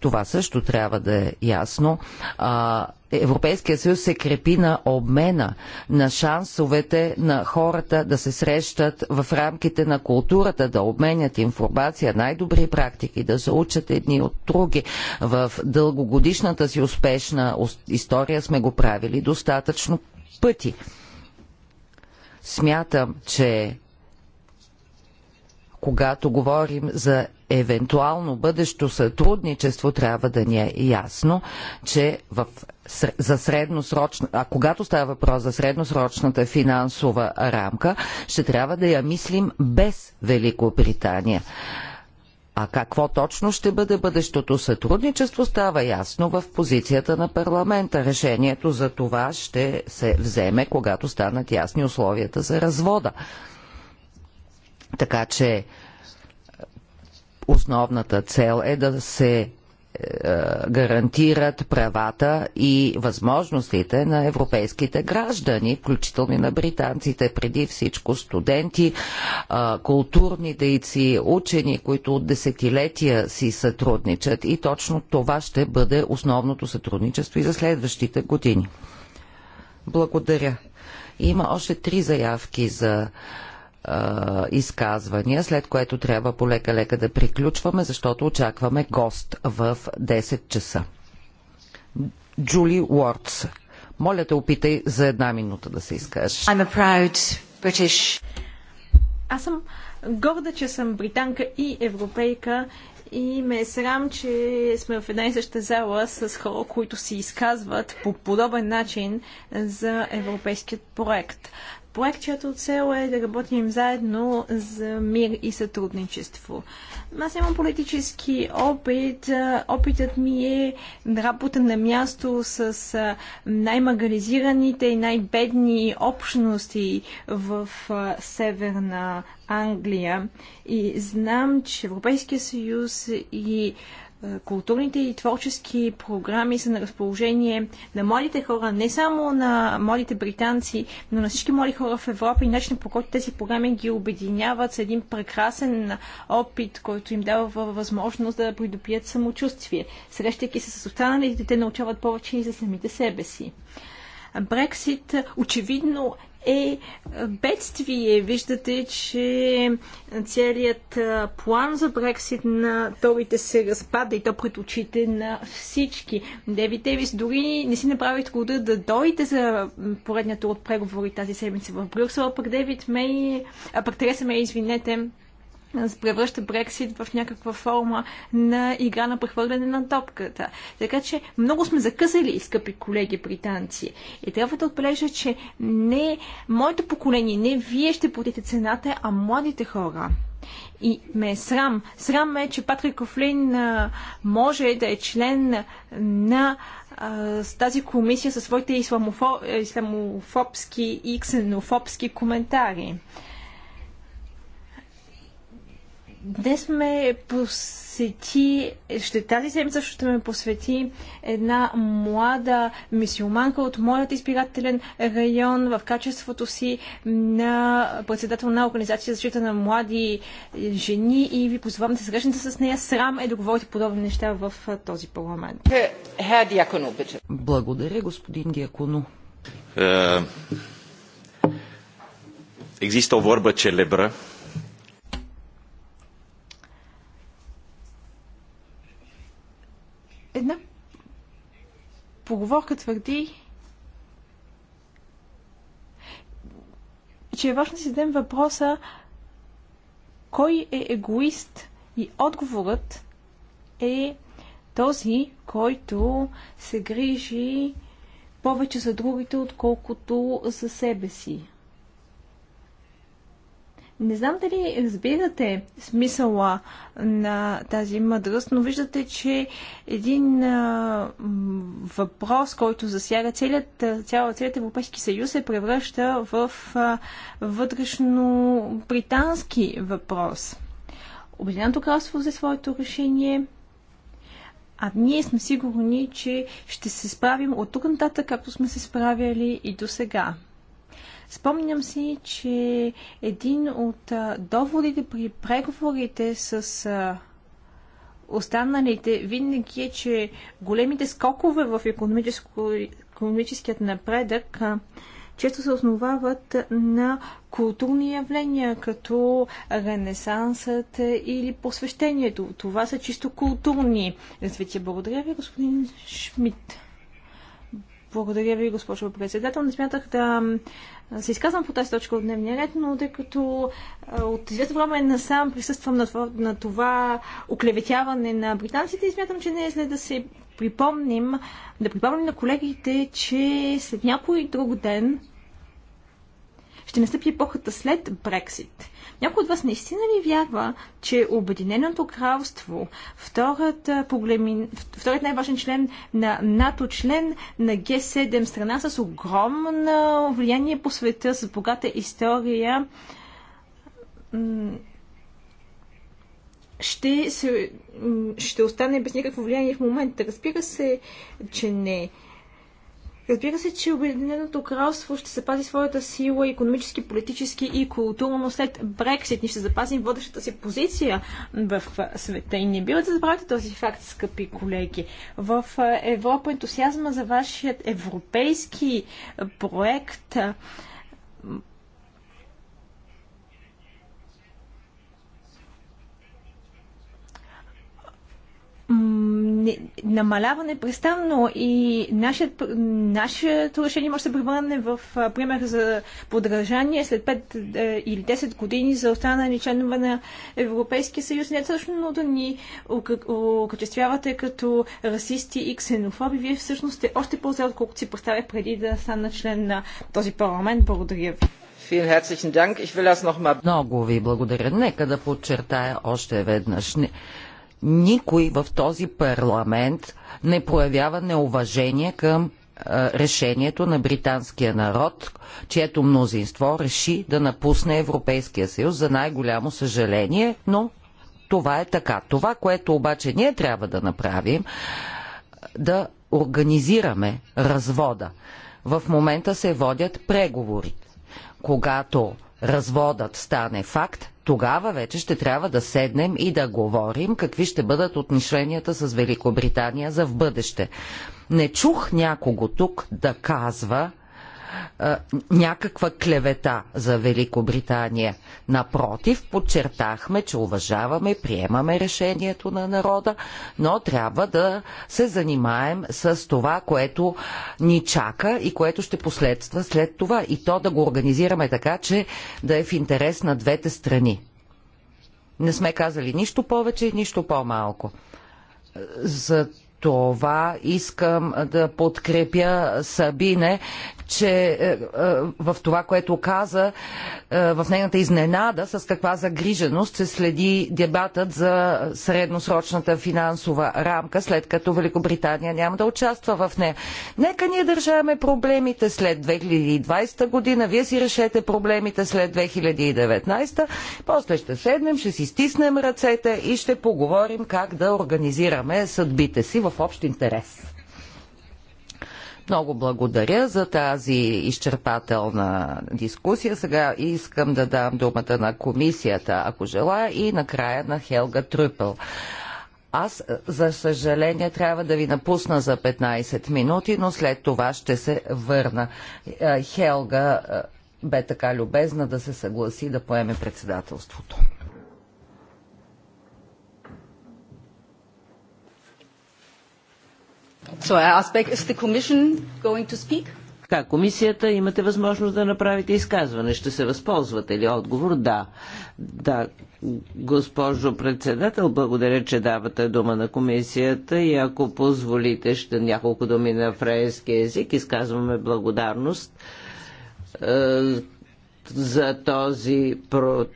това също трябва да е ясно. А, Европейския съюз се крепи на обмена, на шансовете на хората да се срещат в рамките на културата, да обменят информация, най-добри практики, да се учат едни от други. В дългогодишната си успешна история сме го правили достатъчно пъти. Смятам, че когато говорим за евентуално бъдещо сътрудничество, трябва да ни е ясно, че в за средносрочна, а когато става въпрос за средносрочната финансова рамка, ще трябва да я мислим без Великобритания. А какво точно ще бъде бъдещото сътрудничество става ясно в позицията на парламента. Решението за това ще се вземе, когато станат ясни условията за развода. Така че основната цел е да се е, гарантират правата и възможностите на европейските граждани, включително и на британците, преди всичко студенти, е, културни дейци, учени, които от десетилетия си сътрудничат. И точно това ще бъде основното сътрудничество и за следващите години. Благодаря. Има още три заявки за изказвания, след което трябва полека-лека да приключваме, защото очакваме гост в 10 часа. Джули Уордс. Моля те, опитай за една минута да се изкажеш. I'm a proud British. Аз съм горда, че съм британка и европейка и ме е срам, че сме в една и съща зала с хора, които се изказват по подобен начин за европейският проект проект, чиято цел е да работим заедно за мир и сътрудничество. Аз имам политически опит. Опитът ми е работа на място с най-магализираните и най-бедни общности в Северна Англия. И знам, че Европейския съюз и е, културните и творчески програми са на разположение на младите хора, не само на младите британци, но на всички млади хора в Европа и начинът по който тези програми ги обединяват с един прекрасен опит, който им дава възможност да придобият самочувствие. Срещайки се с останалите, те научават повече и за самите себе си. Брексит очевидно е бедствие. Виждате, че целият план за Брексит на Торите се разпада и то пред очите на всички. Деви Тевис дори не си направи труда да дойде за поредния от преговори тази седмица в Брюксел, а пък Девид Мей, а пък Тереса Мей, извинете, превръща Брексит в някаква форма на игра на прехвърляне на топката. Така че много сме закъсали, скъпи колеги британци. И трябва да отбележа, че не моето поколение, не вие ще платите цената, а младите хора. И ме е срам. Срам е, че Патрик Кофлин може да е член на с тази комисия със своите исламофо... исламофобски и ксенофобски коментари. Днес ме посети, ще тази седмица ще ме посвети една млада мисиоманка от моят избирателен район в качеството си на председател на Организация за защита на млади жени и ви позовавам да се срещнете с нея. Срам е да говорите подобни неща в този парламент. Благодаря, господин Дякону. Е, Există o че лебра поговорка твърди, че е важно да си зададем въпроса кой е егоист и отговорът е този, който се грижи повече за другите, отколкото за себе си. Не знам дали разбирате смисъла на тази мъдрост, но виждате, че един а, въпрос, който засяга целият, цялата, целият Европейски съюз, се превръща в а, вътрешно британски въпрос. Обединеното кралство взе своето решение. А ние сме сигурни, че ще се справим от тук нататък, както сме се справяли и до сега. Спомням си, че един от доводите при преговорите с останалите винаги е, че големите скокове в економическият напредък често се основават на културни явления, като Ренесансът или посвещението. Това са чисто културни развития. Благодаря ви, господин Шмидт. Благодаря ви, госпожо председател. Не смятах да се изказвам по тази точка от дневния ред, но тъй като от известно време насам присъствам на това, на това оклеветяване на британците и смятам, че не е след да се припомним, да припомним на колегите, че след някой друг ден ще настъпи епохата след Брексит. Някой от вас наистина ли вярва, че Обединеното кралство, вторият, вторият най-важен член на НАТО, член на Г7, страна с огромно влияние по света, с богата история, ще, се, ще остане без никакво влияние в момента. Разбира се, че не. Разбира се, че Обединеното кралство ще запази своята сила економически, политически и културно, но след Брексит ни ще запазим водещата си позиция в света. И не бива да забравяте този факт, скъпи колеги. В Европа ентусиазма за вашият европейски проект намаляване престанно и нашето решение може да се превърне в пример за подражание след 5 е, или 10 години за останали членове на Европейския съюз. Не е точно да ни окачествявате като расисти и ксенофоби. Вие всъщност сте още по-зле, отколкото си представя преди да стана член на този парламент. Благодаря ви. Много ви благодаря. Нека да подчертая още веднъж никой в този парламент не проявява неуважение към е, решението на британския народ, чието мнозинство реши да напусне Европейския съюз за най-голямо съжаление, но това е така. Това, което обаче ние трябва да направим, да организираме развода. В момента се водят преговори. Когато разводът стане факт, тогава вече ще трябва да седнем и да говорим какви ще бъдат отношенията с Великобритания за в бъдеще. Не чух някого тук да казва, а, някаква клевета за Великобритания. Напротив, подчертахме, че уважаваме, приемаме решението на народа, но трябва да се занимаем с това, което ни чака и което ще последства след това. И то да го организираме така, че да е в интерес на двете страни. Не сме казали нищо повече и нищо по-малко. За това искам да подкрепя Сабине, че е, е, в това, което каза, е, в нейната изненада, с каква загриженост се следи дебатът за средносрочната финансова рамка, след като Великобритания няма да участва в нея. Нека ние държаваме проблемите след 2020 година, вие си решете проблемите след 2019, после ще седнем, ще си стиснем ръцете и ще поговорим как да организираме съдбите си в в общ интерес. Много благодаря за тази изчерпателна дискусия. Сега искам да дам думата на комисията, ако желая, и накрая на Хелга Трюпел. Аз, за съжаление, трябва да ви напусна за 15 минути, но след това ще се върна. Е, Хелга е, бе така любезна да се съгласи да поеме председателството. So I ask back, is the commission going to speak? Така, комисията имате възможност да направите изказване. Ще се възползвате ли? Отговор да. Да, госпожо председател, благодаря, че давате дума на комисията и ако позволите, ще няколко думи на френски язик. Изказваме благодарност е, за този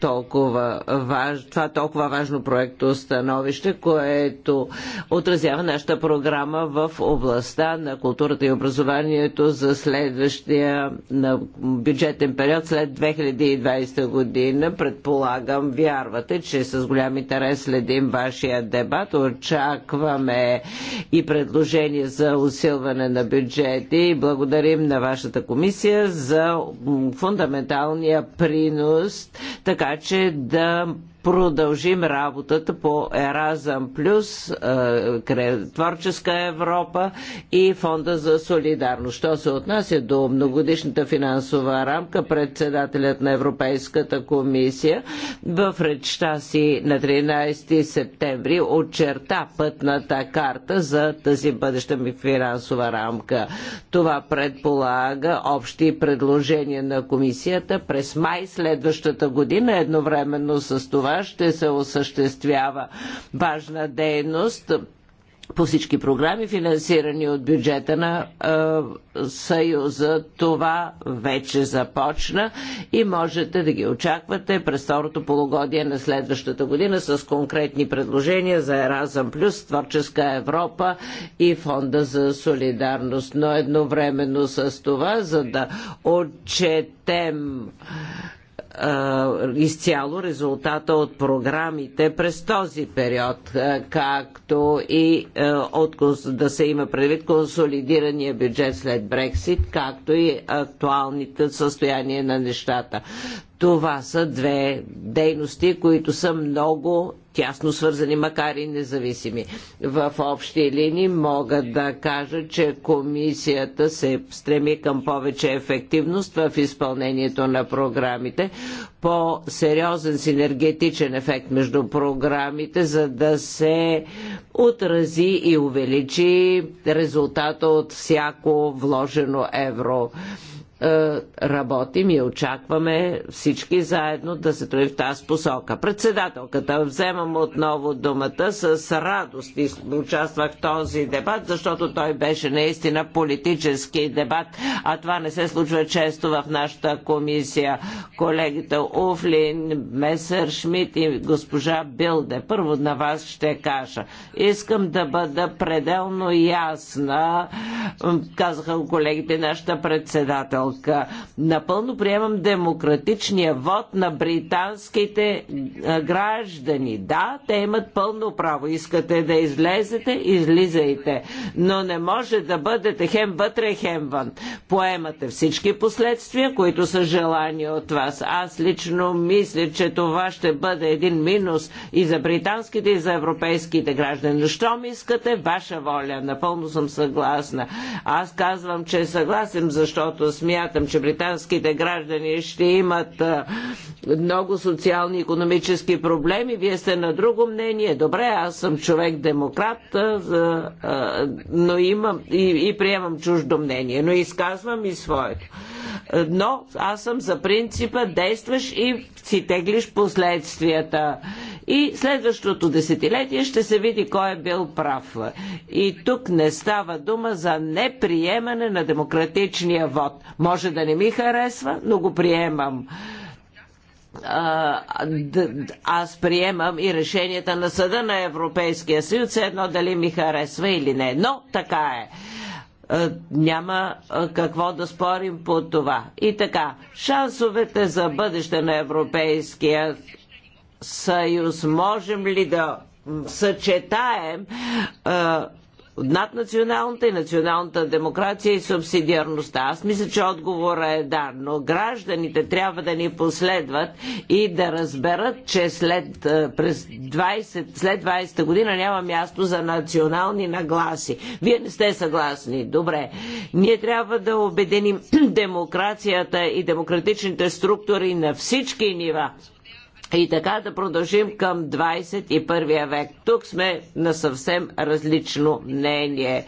толкова важ, това толкова важно проекто становище, което отразява нашата програма в областта на културата и образованието за следващия на бюджетен период след 2020 година. Предполагам, вярвате, че с голям интерес следим вашия дебат. Очакваме и предложения за усилване на бюджети благодарим на вашата комисия за фундаментални социалния принос, така че да продължим работата по Еразъм Плюс, е, Творческа Европа и Фонда за солидарност. Що се отнася до многодишната финансова рамка, председателят на Европейската комисия в речта си на 13 септември очерта пътната карта за тази бъдеща ми финансова рамка. Това предполага общи предложения на комисията през май следващата година, едновременно с това това ще се осъществява важна дейност по всички програми, финансирани от бюджета на е, Съюза. Това вече започна и можете да ги очаквате през второто полугодие на следващата година с конкретни предложения за Еразъм Плюс, Творческа Европа и Фонда за солидарност. Но едновременно с това, за да отчетем изцяло резултата от програмите през този период, както и от, да се има предвид консолидирания бюджет след Брексит, както и актуалните състояния на нещата. Това са две дейности, които са много тясно свързани, макар и независими. В общи линии мога да кажа, че комисията се стреми към повече ефективност в изпълнението на програмите, по-сериозен синергетичен ефект между програмите, за да се отрази и увеличи резултата от всяко вложено евро е, работим и очакваме всички заедно да се трудим в тази посока. Председателката, вземам отново думата с радост и участвах в този дебат, защото той беше наистина политически дебат, а това не се случва често в нашата комисия. Колегите Уфлин, Месер Шмидт и госпожа Билде, първо на вас ще кажа. Искам да бъда пределно ясна, казаха колегите нашата председател сделка. Напълно приемам демократичния вод на британските граждани. Да, те имат пълно право. Искате да излезете, излизайте. Но не може да бъдете хем вътре, хем вън. Поемате всички последствия, които са желани от вас. Аз лично мисля, че това ще бъде един минус и за британските, и за европейските граждани. Но щом искате, ваша воля. Напълно съм съгласна. Аз казвам, че съгласен, защото смятам, смятам, че британските граждани ще имат много социални и економически проблеми. Вие сте на друго мнение. Добре, аз съм човек-демократ, но имам и, и приемам чуждо мнение, но изказвам и своето. Но аз съм за принципа действаш и си теглиш последствията. И следващото десетилетие ще се види кой е бил прав. И тук не става дума за неприемане на демократичния вод. Може да не ми харесва, но го приемам аз приемам и решенията на съда на Европейския съюз, едно дали ми харесва или не. Но така е. Няма какво да спорим по това. И така, шансовете за бъдеще на Европейския съюз. Можем ли да съчетаем наднационалната и националната демокрация и субсидиарността. Аз мисля, че отговора е да, но гражданите трябва да ни последват и да разберат, че след, през 20, след 20-та година няма място за национални нагласи. Вие не сте съгласни. Добре. Ние трябва да обединим демокрацията и демократичните структури на всички нива и така да продължим към 21 век. Тук сме на съвсем различно мнение.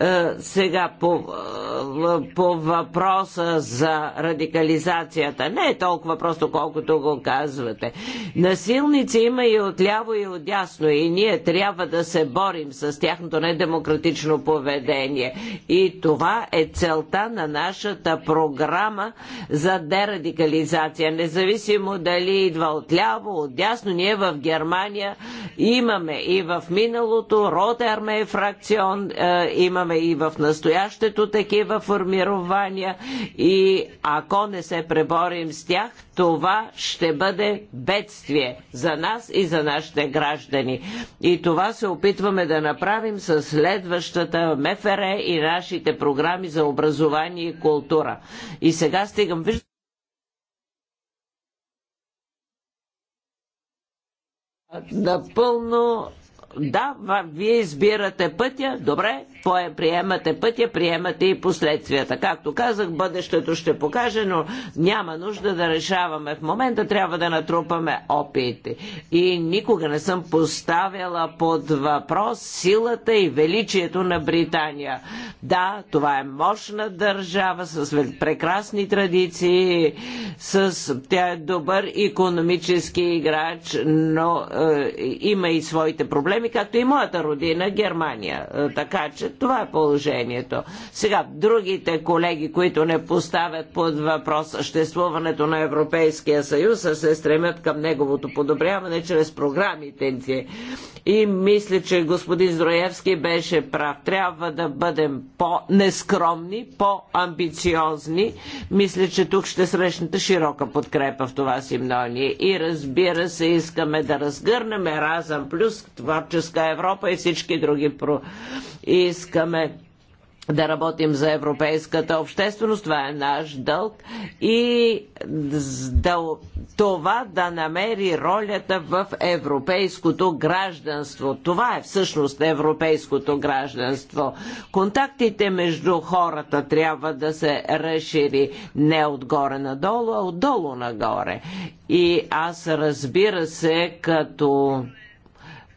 Е, сега по, е, по въпроса за радикализацията. Не е толкова просто, колкото го казвате. Насилници има и отляво и отясно и ние трябва да се борим с тяхното недемократично поведение. И това е целта на нашата програма за дерадикализация, независимо дали идва от отляво, отдясно. Ние в Германия имаме и в миналото Ротерме е фракцион, е, имаме и в настоящето такива формирования и ако не се преборим с тях, това ще бъде бедствие за нас и за нашите граждани. И това се опитваме да направим с следващата МФР и нашите програми за образование и култура. И сега стигам. Напълно, да, вие избирате пътя, добре, пое, приемате пътя, приемате и последствията. Както казах, бъдещето ще покаже, но няма нужда да решаваме в момента, трябва да натрупаме опити. И никога не съм поставяла под въпрос силата и величието на Британия. Да, това е мощна държава с прекрасни традиции, с... тя е добър економически играч, но е, има и своите проблеми, както и моята родина Германия. Е, така че това е положението. Сега, другите колеги, които не поставят под въпрос съществуването на Европейския съюз, се стремят към неговото подобряване чрез програмите си. И мисля, че господин Зроевски беше прав. Трябва да бъдем по-нескромни, по-амбициозни. Мисля, че тук ще срещнете широка подкрепа в това си мнение. И разбира се, искаме да разгърнем разъм плюс творческа Европа и всички други про Искаме да работим за европейската общественост, това е наш дълг и да, това да намери ролята в европейското гражданство. Това е всъщност европейското гражданство. Контактите между хората трябва да се разшири не отгоре надолу, а отдолу нагоре. И аз разбира се, като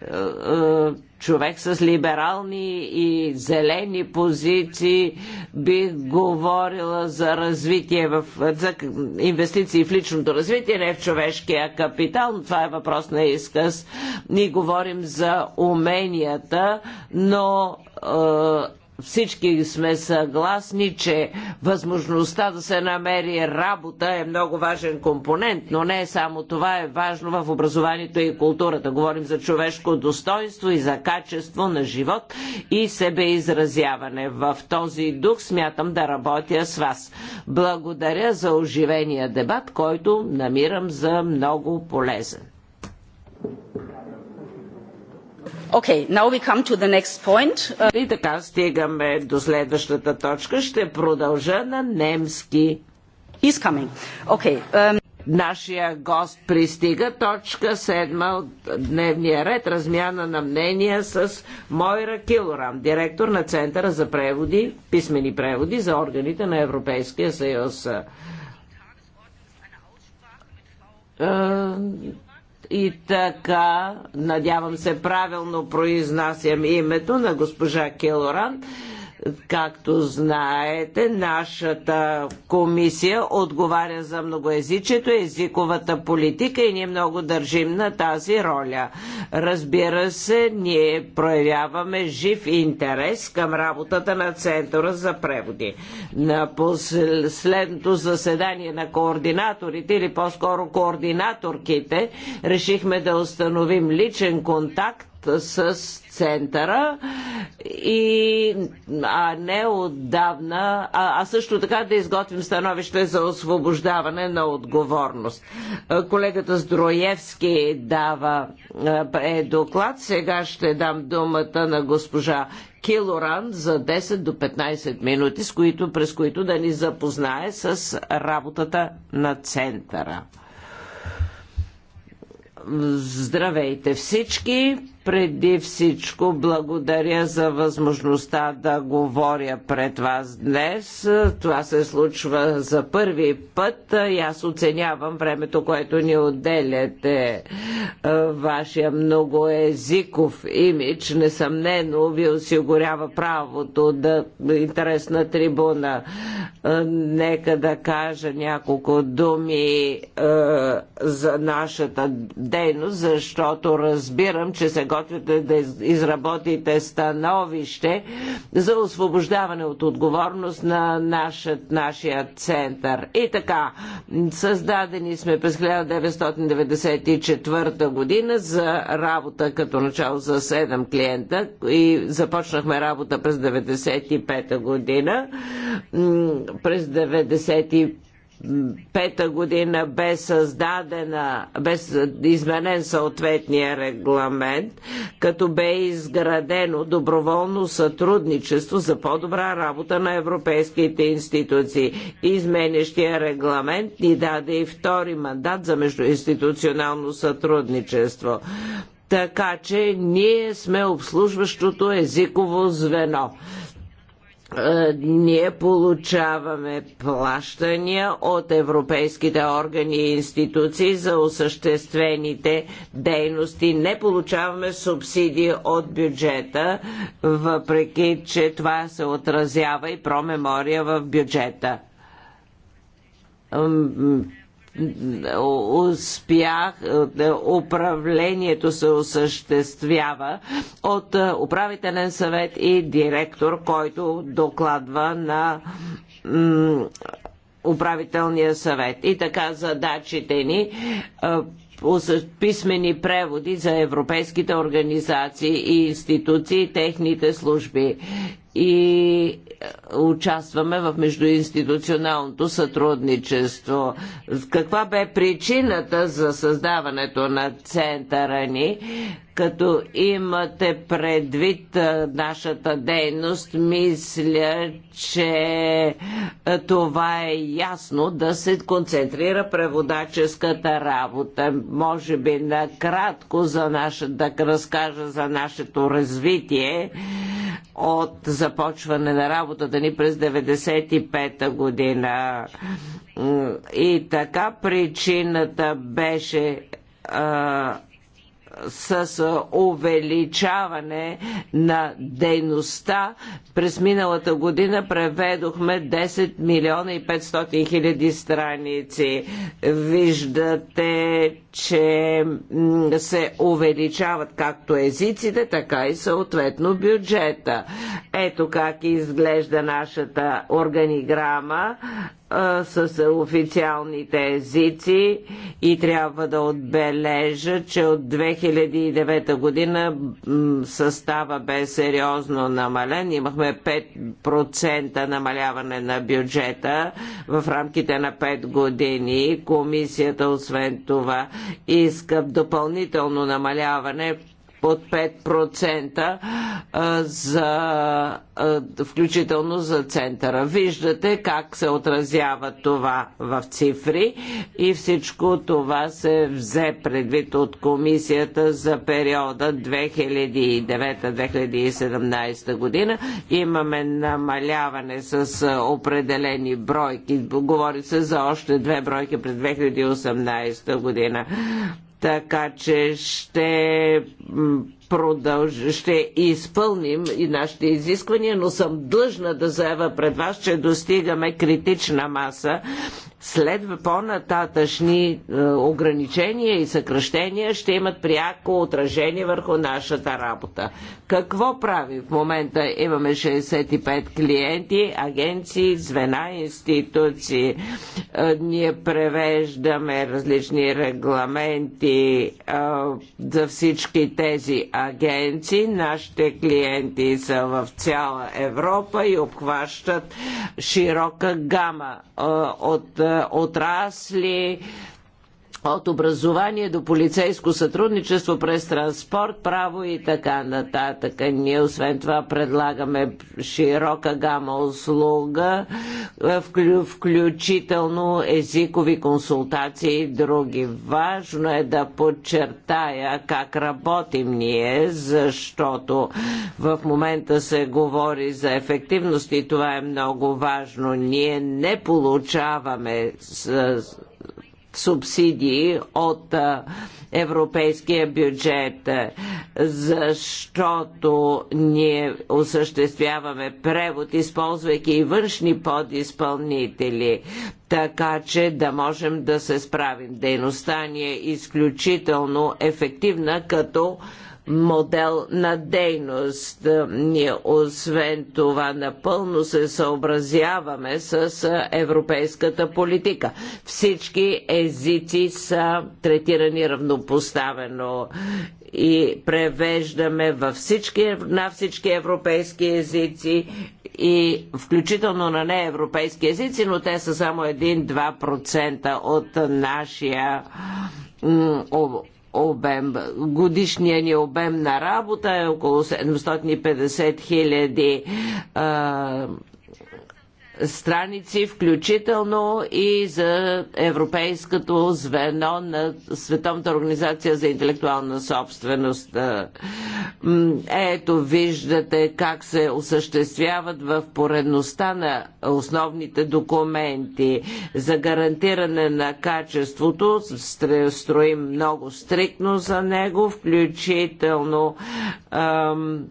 е, е, човек с либерални и зелени позиции, бих говорила за развитие в, за инвестиции в личното развитие, не в човешкия капитал, но това е въпрос на изказ. Ние говорим за уменията, но е, всички сме съгласни, че възможността да се намери работа е много важен компонент, но не само това е важно в образованието и културата. Говорим за човешко достоинство и за качество на живот и себеизразяване. В този дух смятам да работя с вас. Благодаря за оживения дебат, който намирам за много полезен. Okay, now we come to the next point. Uh, И така стигаме до следващата точка. Ще продължа на немски. He's coming. Okay. Um... Нашия гост пристига. Точка седма от дневния ред. Размяна на мнения с Мойра Килорам, директор на Центъра за преводи, писмени преводи за органите на Европейския съюз е, и така, надявам се правилно произнасям името на госпожа Келоран. Както знаете, нашата комисия отговаря за многоязичието, езиковата политика и ние много държим на тази роля. Разбира се, ние проявяваме жив интерес към работата на Центъра за преводи. На последното заседание на координаторите или по-скоро координаторките решихме да установим личен контакт с центъра и а не отдавна, а, а също така да изготвим становище за освобождаване на отговорност. Колегата Здроевски дава е доклад. Сега ще дам думата на госпожа Килоран за 10 до 15 минути, с които, през които да ни запознае с работата на центъра. Здравейте всички! Преди всичко благодаря за възможността да говоря пред вас днес. Това се случва за първи път и аз оценявам времето, което ни отделяте. Е, вашия многоезиков имидж несъмнено ви осигурява правото да интересна трибуна. Е, нека да кажа няколко думи е, за нашата дейност, защото разбирам, че се подготвите, да изработите становище за освобождаване от отговорност на нашът, нашия център. И така, създадени сме през 1994 година за работа като начало за 7 клиента и започнахме работа през 1995 година. През 1995 пета година бе създадена, бе изменен съответния регламент, като бе изградено доброволно сътрудничество за по-добра работа на европейските институции. Изменящия регламент ни даде и втори мандат за междуинституционално сътрудничество така че ние сме обслужващото езиково звено. Е, ние получаваме плащания от европейските органи и институции за осъществените дейности. Не получаваме субсидии от бюджета, въпреки че това се отразява и промемория в бюджета успях, е, управлението се осъществява от е, управителен съвет и директор, който докладва на управителния съвет. И така задачите ни е, писмени преводи за европейските организации и институции и техните служби и е, участваме в междуинституционалното сътрудничество. Каква бе причината за създаването на центъра ни? Като имате предвид нашата дейност, мисля, че това е ясно да се концентрира преводаческата работа. Може би накратко за наше, да разкажа за нашето развитие от започване на работата ни през 1995 година. И така причината беше а, с увеличаване на дейността. През миналата година преведохме 10 милиона и 500 хиляди страници. Виждате, че се увеличават както езиците, така и съответно бюджета. Ето как изглежда нашата органиграма с официалните езици и трябва да отбележа, че от 2009 година състава бе сериозно намален. Имахме 5% намаляване на бюджета в рамките на 5 години. Комисията освен това иска допълнително намаляване под 5% за, включително за центъра. Виждате как се отразява това в цифри и всичко това се взе предвид от комисията за периода 2009-2017 година. Имаме намаляване с определени бройки. Говори се за още две бройки през 2018 година така че ще продължи, ще изпълним и нашите изисквания, но съм длъжна да заява пред вас, че достигаме критична маса. След по-нататъчни е, ограничения и съкръщения ще имат пряко отражение върху нашата работа. Какво прави в момента? Имаме 65 клиенти, агенции, звена, институции. Е, ние превеждаме различни регламенти е, за всички тези агенции. Нашите клиенти са в цяла Европа и обхващат широка гама от отрасли, от образование до полицейско сътрудничество през транспорт, право и така нататък. Ние освен това предлагаме широка гама услуга, е, включително езикови консултации и други. Важно е да подчертая как работим ние, защото в момента се говори за ефективност и това е много важно. Ние не получаваме с субсидии от европейския бюджет, защото ние осъществяваме превод, използвайки и външни подизпълнители, така че да можем да се справим. Дейността ни е изключително ефективна, като модел на дейност. Ние освен това напълно се съобразяваме с европейската политика. Всички езици са третирани равнопоставено и превеждаме във всички, на всички европейски езици и включително на неевропейски езици, но те са само 1-2% от нашия обем, годишния ни обем на работа е около 750 хиляди страници, включително и за Европейското звено на Световната организация за интелектуална собственост. Е, ето виждате как се осъществяват в поредността на основните документи. За гарантиране на качеството строим много стриктно за него, включително ам,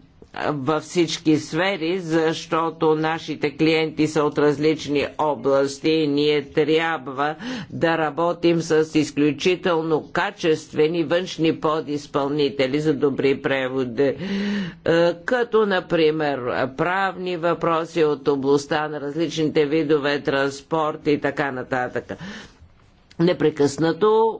във всички сфери, защото нашите клиенти са от различни области и ние трябва да работим с изключително качествени външни подизпълнители за добри преводи, е, като например правни въпроси от областта на различните видове транспорт и така нататък непрекъснато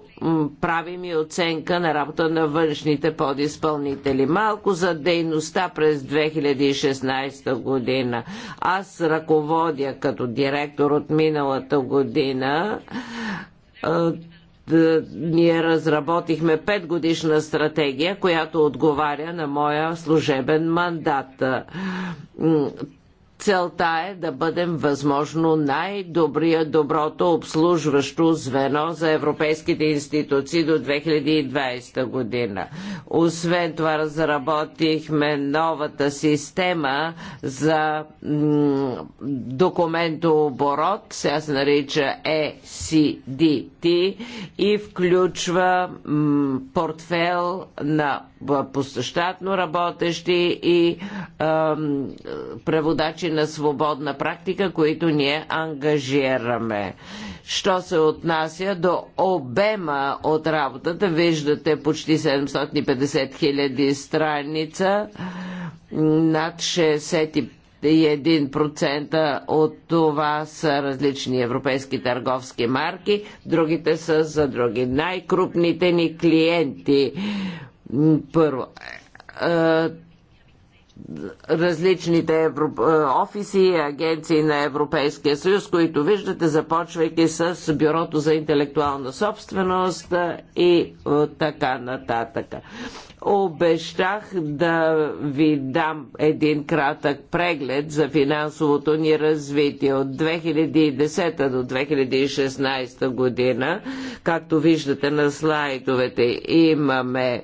правим и оценка на работа на външните подизпълнители. Малко за дейността през 2016 година. Аз ръководя като директор от миналата година ние разработихме петгодишна стратегия, която отговаря на моя служебен мандат. Целта е да бъдем възможно най-добрия, доброто обслужващо звено за европейските институции до 2020 година. Освен това разработихме новата система за документооборот, сега се нарича ECDT е и включва портфел на постъщатно работещи и преводачи на свободна практика, които ние ангажираме. Що се отнася до обема от работата, виждате почти 750 хиляди страница, над 65 1% от това са различни европейски търговски марки, другите са за други. Най-крупните ни клиенти. Първо, е, различните евро... Е, офиси и агенции на Европейския съюз, които виждате, започвайки с Бюрото за интелектуална собственост е, и е, така нататък. Обещах да ви дам един кратък преглед за финансовото ни развитие от 2010 до 2016 година. Както виждате на слайдовете, имаме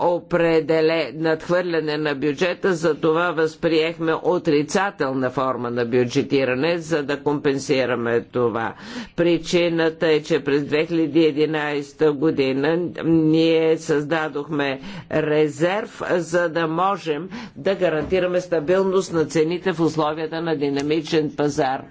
определе надхвърляне на бюджета, за това възприехме отрицателна форма на бюджетиране, за да компенсираме това. Причината е, че през 2011 година ние създадохме резерв, за да можем да гарантираме стабилност на цените в условията на динамичен пазар.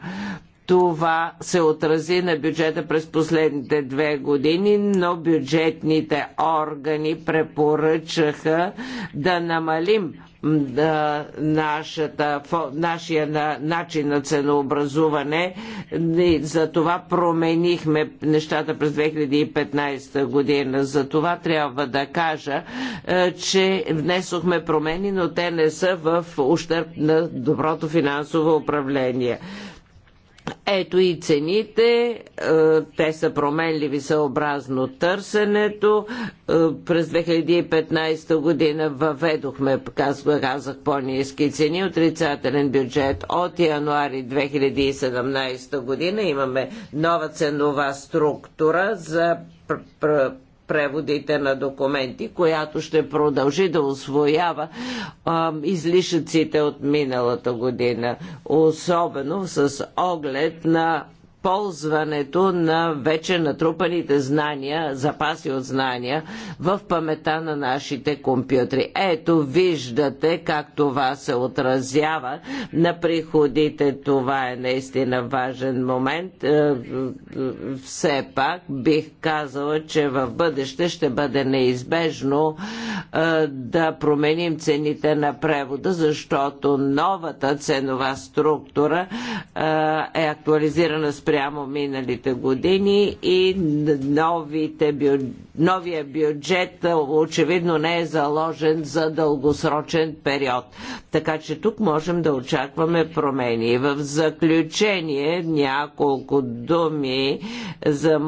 Това се отрази на бюджета през последните две години, но бюджетните органи препоръчаха да намалим да, нашата, нашия на, начин на ценообразуване. И за това променихме нещата през 2015 година. За това трябва да кажа, е, че внесохме промени, но те не са в ущърп на доброто финансово управление. Ето и цените, е, те са променливи съобразно търсенето. Е, през 2015 година въведохме, казах, по-низки цени, отрицателен бюджет. От януари 2017 година имаме нова ценова структура за преводите на документи, която ще продължи да освоява а, излишъците от миналата година, особено с оглед на ползването на вече натрупаните знания, запаси от знания в памета на нашите компютри. Ето виждате как това се отразява на приходите. Това е наистина важен момент. Е, все пак бих казала, че в бъдеще ще бъде неизбежно е, да променим цените на превода, защото новата ценова структура е, е актуализирана с спрямо миналите години и новите бю... новия бюджет очевидно не е заложен за дългосрочен период. Така че тук можем да очакваме промени. В заключение няколко думи за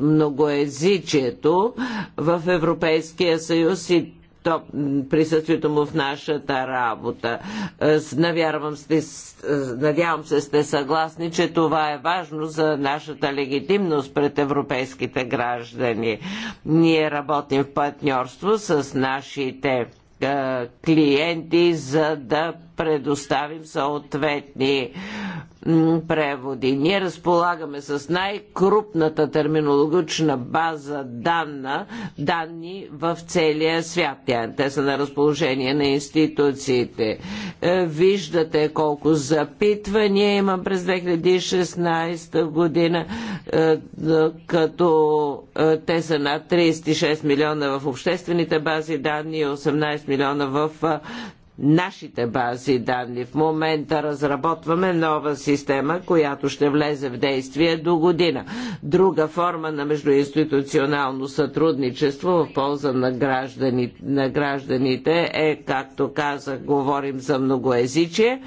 многоезичието в Европейския съюз и то, присъствието му в нашата работа. Е, навярвам сте, е, надявам се сте съгласни, че това е важно за нашата легитимност пред европейските граждани. Ние работим в партньорство с нашите е, клиенти, за да предоставим съответни преводи. Ние разполагаме с най-крупната терминологична база данна, данни в целия свят. Те са на разположение на институциите. Е, виждате колко запитвания имам през 2016 година, е, като е, те са над 36 милиона в обществените бази данни и 18 милиона в нашите бази данни. В момента разработваме нова система, която ще влезе в действие до година. Друга форма на междуинституционално сътрудничество в полза на, граждани, на гражданите е, както казах, говорим за многоезичие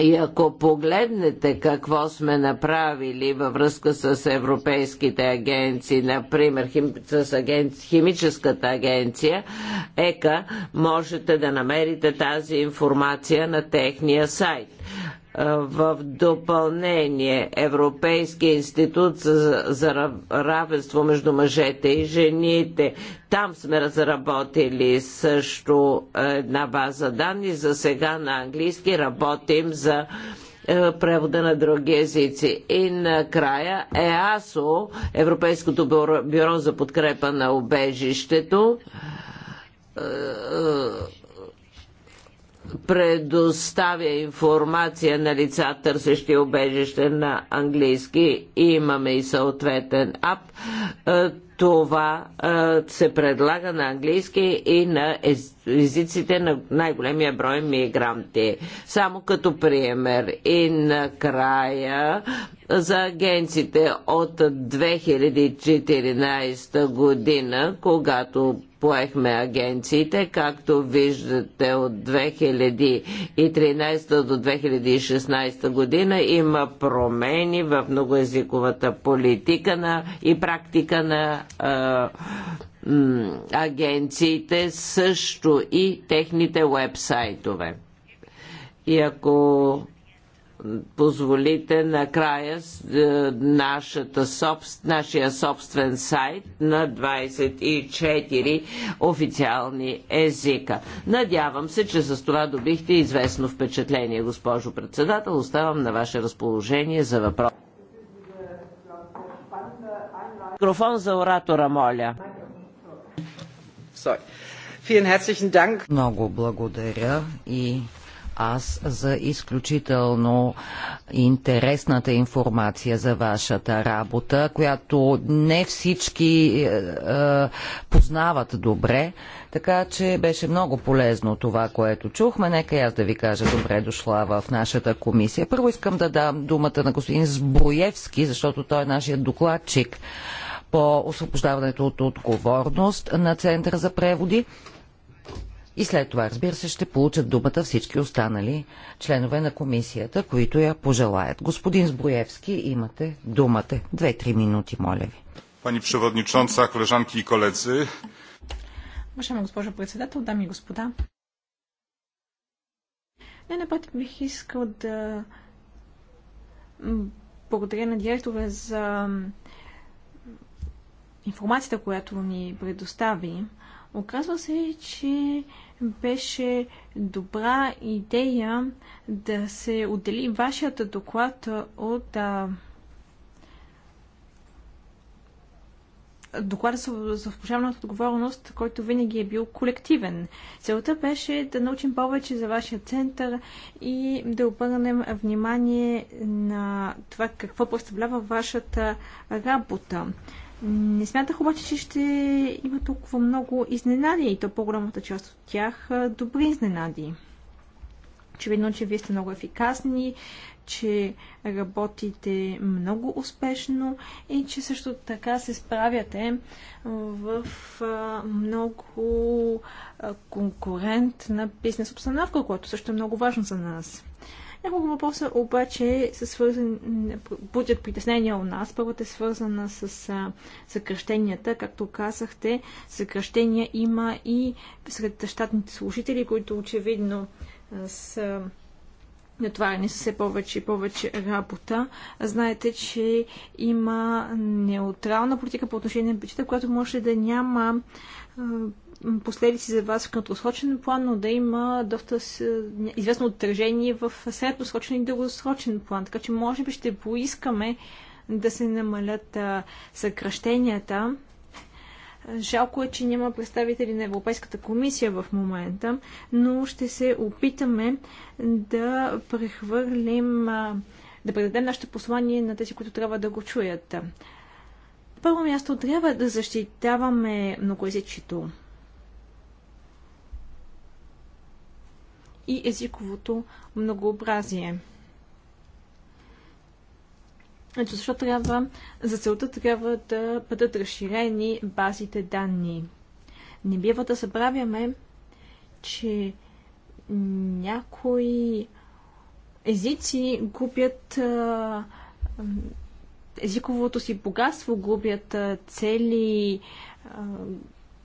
и ако погледнете какво сме направили във връзка с европейските агенции, например хим, с агенци, химическата агенция ЕКА, можете да намерите тази информация на техния сайт. В допълнение Европейския институт за, за равенство между мъжете и жените. Там сме разработили също една база данни. За сега на английски работим за превода на други езици. И накрая ЕАСО, Европейското бюро, бюро за подкрепа на убежището, предоставя информация на лица, търсещи обежище на английски. Имаме и съответен ап. Е, това е, се предлага на английски и на езиците на най-големия брой мигранти. Само като пример. И накрая за агенците от 2014 година, когато поехме агенциите. Както виждате от 2013 до 2016 година има промени в многоязиковата политика на, и практика на а, агенциите, също и техните вебсайтове. И ако позволите накрая е, нашата собствен, нашия собствен сайт на 24 официални езика. Надявам се, че с това добихте известно впечатление, госпожо председател. Оставам на ваше разположение за въпрос. Микрофон за оратора, моля. Много благодаря и аз за изключително интересната информация за вашата работа, която не всички е, е, познават добре. Така че беше много полезно това, което чухме. Нека аз да ви кажа добре дошла в нашата комисия. Първо искам да дам думата на господин Збруевски, защото той е нашият докладчик по освобождаването от отговорност на Центъра за преводи. И след това, разбира се, ще получат думата всички останали членове на комисията, които я пожелаят. Господин Зброевски, имате думата. Две-три минути, моля ви. Пани Преводничонца, колежанки и колеци. Уважаема госпожа председател, дами и господа. Не, напред бих искал да благодаря на директора за информацията, която ни предостави. Оказва се, че беше добра идея да се отдели вашият доклад от а, доклада за служебната отговорност, който винаги е бил колективен. Целта беше да научим повече за вашия център и да обърнем внимание на това какво представлява вашата работа. Не смятах обаче, че ще има толкова много изненади и то по-голямата част от тях добри изненади. Очевидно, че вие сте много ефикасни, че работите много успешно и че също така се справяте в много конкурентна бизнес обстановка, което също е много важно за нас. Няколко въпроса обаче са свързани, будят притеснения у нас. Първата е свързана с а, съкръщенията. Както казахте, съкръщения има и сред щатните служители, които очевидно а, са натварени са все повече и повече работа. Знаете, че има неутрална политика по отношение на бюджета, която може да няма последици за вас в краткосрочен план, но да има доста известно отражение в средносрочен и дългосрочен план. Така че може би ще поискаме да се намалят съкръщенията. Жалко е, че няма представители на Европейската комисия в момента, но ще се опитаме да прехвърлим, да предадем нашите послание на тези, които трябва да го чуят първо място трябва да защитаваме многоязичието. и езиковото многообразие. Ето защо трябва, за целта трябва да бъдат разширени базите данни. Не бива да забравяме, че някои езици губят езиковото си богатство, губят цели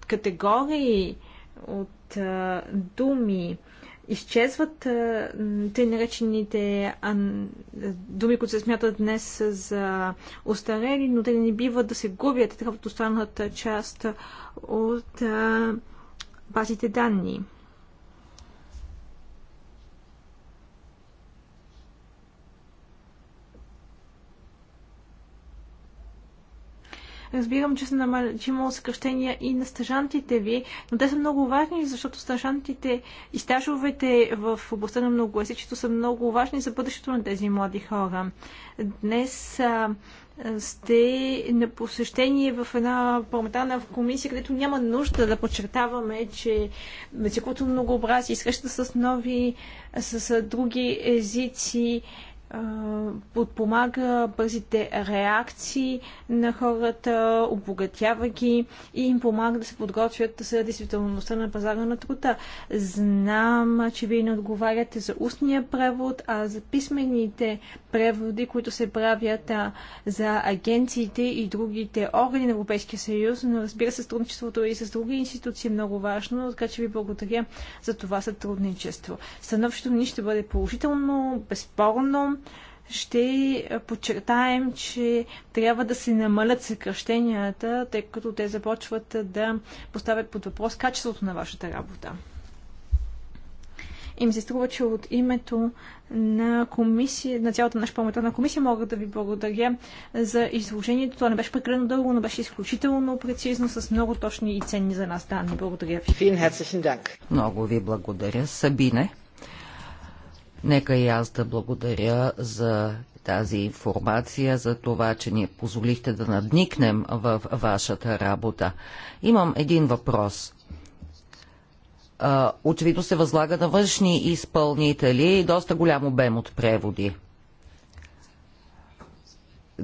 категории от думи изчезват те наречените думи, които се смятат днес за устарели, но те не биват да се губят, те трябва да останат част от базите данни. Разбирам, че, са намал... че има съкръщения и на стажантите ви, но те са много важни, защото стажантите и стажовете в областта на многоязичието са много важни за бъдещето на тези млади хора. Днес а, сте на посещение в една парламентарна комисия, където няма нужда да подчертаваме, че езиковото многообразие среща с нови, с, с други езици подпомага бързите реакции на хората, обогатява ги и им помага да се подготвят за действителността на пазара на труда. Знам, че вие не отговаряте за устния превод, а за писмените преводи, които се правят за агенциите и другите органи на Европейския съюз, но разбира се, сътрудничеството и с други институции е много важно, така че ви благодаря за това сътрудничество. Становището ни ще бъде положително, безспорно ще подчертаем, че трябва да се намалят съкръщенията, тъй като те започват да поставят под въпрос качеството на вашата работа. И ми се струва, че от името на комисия, на цялата наша парламентарна комисия мога да ви благодаря за изложението. Това не беше прекалено дълго, но беше изключително прецизно, с много точни и ценни за нас данни. Благодаря ви. Много ви благодаря, Сабине. Нека и аз да благодаря за тази информация, за това, че ни позволихте да надникнем в вашата работа. Имам един въпрос. Очевидно се възлага на външни изпълнители и доста голям обем от преводи.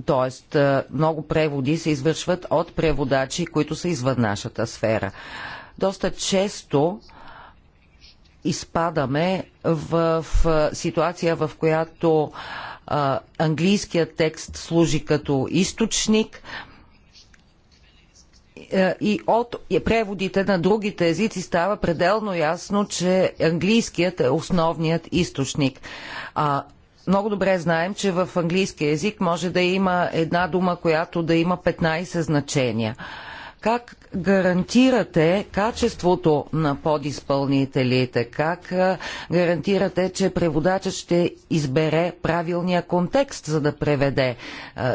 Тоест, много преводи се извършват от преводачи, които са извън нашата сфера. Доста често изпадаме в ситуация, в която а, английският текст служи като източник е, и от преводите на другите езици става пределно ясно, че английският е основният източник. А, много добре знаем, че в английския език може да има една дума, която да има 15 значения. Как гарантирате качеството на подизпълнителите? Как гарантирате, че преводачът ще избере правилния контекст, за да преведе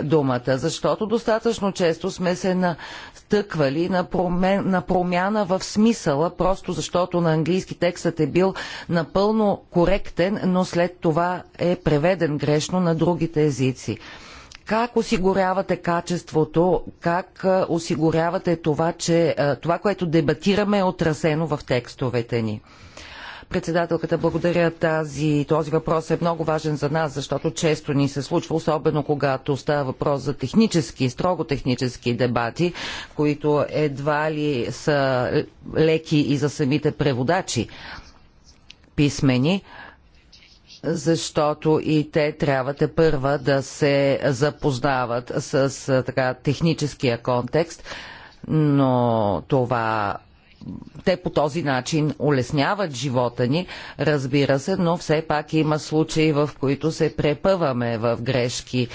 думата? Защото достатъчно често сме се натъквали на, на промяна в смисъла, просто защото на английски текстът е бил напълно коректен, но след това е преведен грешно на другите езици. Как осигурявате качеството? Как осигурявате това, че това, което дебатираме е отразено в текстовете ни? председателката. Благодаря тази. Този въпрос е много важен за нас, защото често ни се случва, особено когато става въпрос за технически, строго технически дебати, които едва ли са леки и за самите преводачи писмени защото и те трябва те първа да се запознават с така, техническия контекст, но това те по този начин улесняват живота ни, разбира се, но все пак има случаи, в които се препъваме в грешки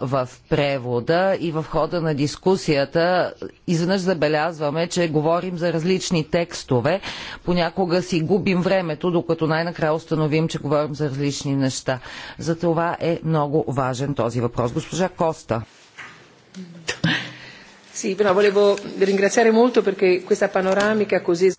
в превода и в хода на дискусията изведнъж забелязваме, че говорим за различни текстове. Понякога си губим времето, докато най-накрая установим, че говорим за различни неща. Затова е много важен този въпрос. Госпожа Коста. Sì, però volevo ringraziare molto perché questa panoramica così...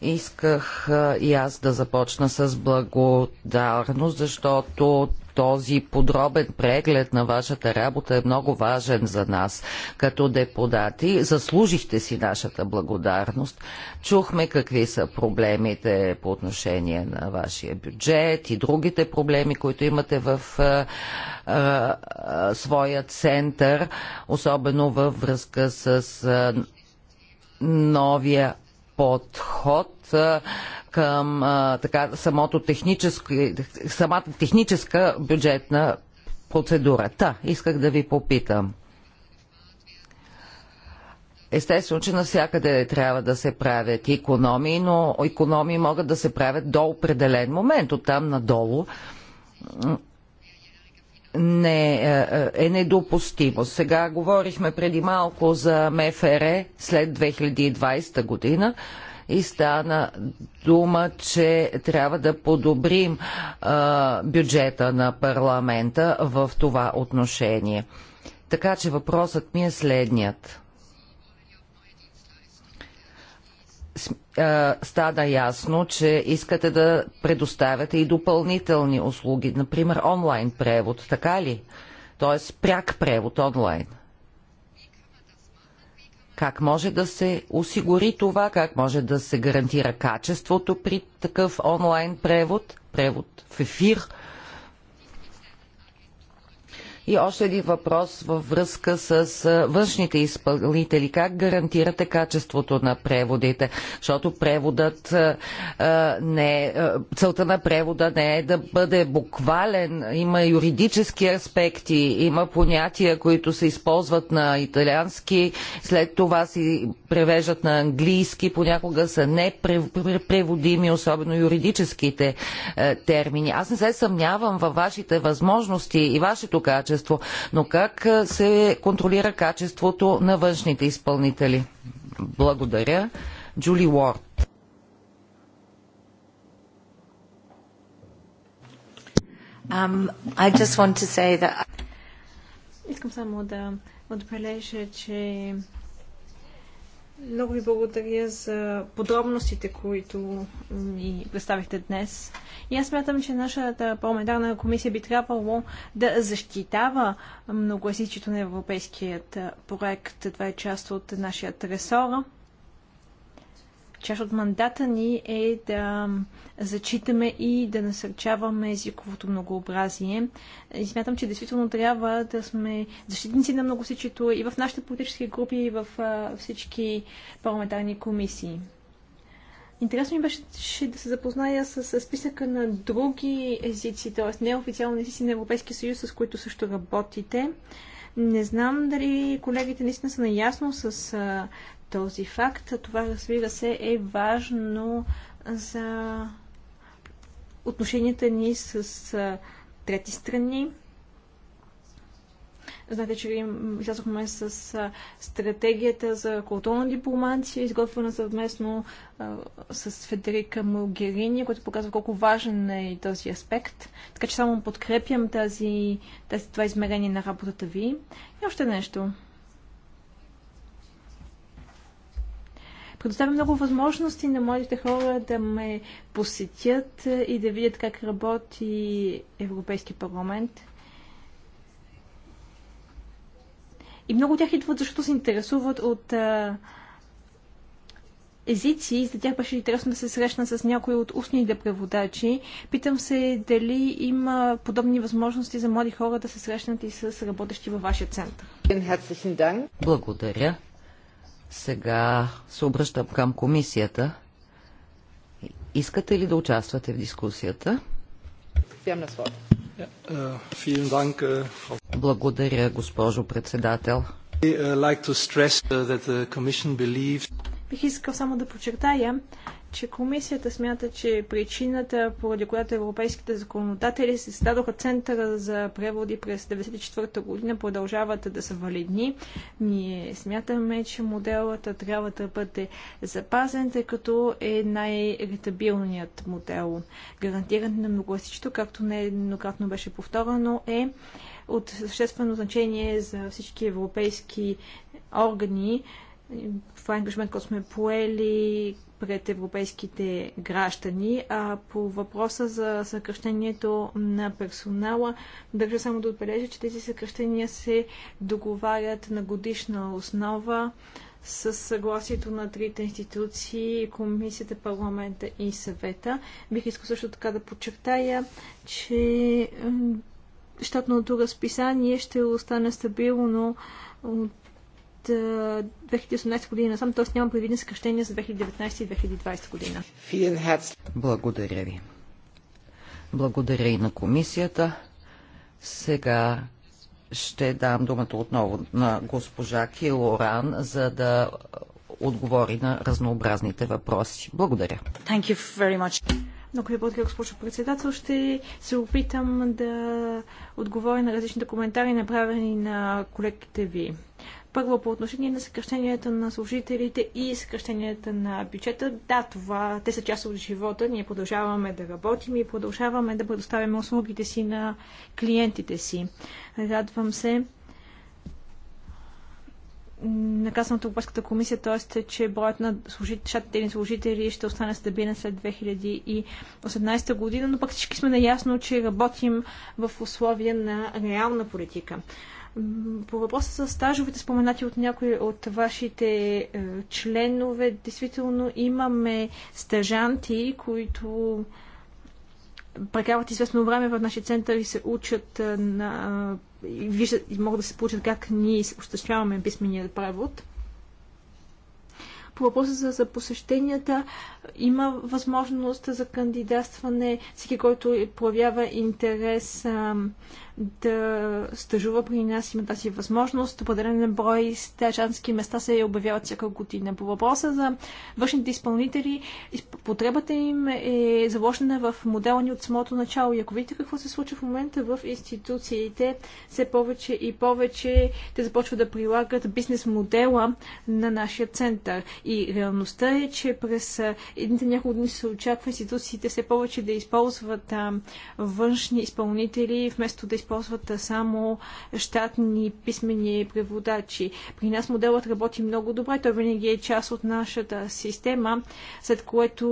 Исках и аз да започна с благодарност, защото този подробен преглед на вашата работа е много важен за нас като депутати. Заслужихте си нашата благодарност. Чухме какви са проблемите по отношение на вашия бюджет и другите проблеми, които имате в а, а, а, своя център, особено във връзка с новия подход към така, самото техническо, самата техническа бюджетна процедура. Та, исках да ви попитам. Естествено, че навсякъде трябва да се правят економии, но економии могат да се правят до определен момент. Оттам надолу не, е, е, е недопустимо. Сега говорихме преди малко за МФР след 2020 година и стана дума, че трябва да подобрим а, е, бюджета на парламента в това отношение. Така че въпросът ми е следният стана ясно, че искате да предоставяте и допълнителни услуги, например онлайн превод, така ли? Тоест пряк превод онлайн. Как може да се осигури това? Как може да се гарантира качеството при такъв онлайн превод, превод в ефир? И още един въпрос във връзка с външните изпълнители. Как гарантирате качеството на преводите? Защото преводът не е, целта на превода не е да бъде буквален. Има юридически аспекти, има понятия, които се използват на италиански, след това си превеждат на английски, понякога са непреводими, особено юридическите термини. Аз не се съмнявам във вашите възможности и вашето качество качество. Но как се контролира качеството на външните изпълнители? Благодаря. Джули Уорд. Um, that... Искам само да отбележа, че много ви благодаря за подробностите, които ни представихте днес. И аз смятам, че нашата парламентарна комисия би трябвало да защитава многоязичието на европейският проект. Това е част от нашия ресора. Част от мандата ни е да зачитаме и да насърчаваме езиковото многообразие. И смятам, че действително трябва да сме защитници на многосичието и в нашите политически групи, и в всички парламентарни комисии. Интересно ми беше да се запозная с, списъка на други езици, т.е. неофициални езици на Европейския съюз, с които също работите. Не знам дали колегите наистина са наясно с този факт. Това, разбира се, е важно за отношенията ни с трети страни. Знаете, че излязохме с стратегията за културна дипломация, изготвена съвместно с Федерика Могерини, която показва колко важен е този аспект. Така че само подкрепям тази, тази, това измерение на работата ви. И още нещо. предоставя много възможности на младите хора да ме посетят е, и да видят как работи Европейски парламент. И много от тях идват, защото се интересуват от а, езици и за тях беше интересно да се срещна с някои от устните преводачи. Питам се дали има подобни възможности за млади хора да се срещнат и с работещи във вашия център. Благодаря. Сега се обръщам към комисията. Искате ли да участвате в дискусията? Э, э, Благодаря, госпожо председател. Э, Бих искал само да подчертая, че комисията смята, че причината, поради която европейските законодатели се стадоха центъра за преводи през 1994 година, продължават да са валидни. Ние смятаме, че моделът трябва да бъде запазен, тъй като е най-ретабилният модел. Гарантиран на многогласичето, както нееднократно беше повторено, е от съществено значение за всички европейски органи. Това е ангажмент, който сме поели пред европейските граждани. А по въпроса за съкръщението на персонала, държа само да отбележа, че тези съкръщения се договарят на годишна основа с съгласието на трите институции, комисията, парламента и съвета. Бих искал също така да подчертая, че щатното разписание ще остане стабилно от 2018 година насам, т.е. няма предвидени съкръщения за 2019 и 2020 година. Благодаря ви. Благодаря и на комисията. Сега ще дам думата отново на госпожа Килоран, за да отговори на разнообразните въпроси. Благодаря. Thank you very much. Много ви благодаря, госпожо председател. Ще се опитам да отговоря на различните коментари, направени на колегите ви. Първо, по отношение на съкръщенията на служителите и съкръщенията на бюджета, да, това, те са част от живота, ние продължаваме да работим и продължаваме да предоставяме услугите си на клиентите си. Радвам се, наказаната Европейската комисия, т.е. че броят на щатите служители ще остане стабилен след 2018 година, но пък всички сме наясно, че работим в условия на реална политика. По въпроса за стажовете, споменати от някои от вашите е, членове, действително имаме стажанти, които прекарват известно време в нашия център и се учат е, на... и виждат, и могат да се получат как ние осъществяваме писмения превод. По въпроса за, за посещенията има възможност за кандидатстване. Всеки, който проявява интерес, ам, да стажува при нас, има тази възможност. Определен брой стажански места се обявяват всяка година. По въпроса за външните изпълнители, потребата им е заложена в модела ни от самото начало. И ако видите какво се случва в момента в институциите, все повече и повече те започват да прилагат бизнес модела на нашия център. И реалността е, че през едните няколко дни се очаква институциите все повече да използват а, външни изпълнители, вместо да използват използват само щатни писмени преводачи. При нас моделът работи много добре, той винаги е част от нашата система, след което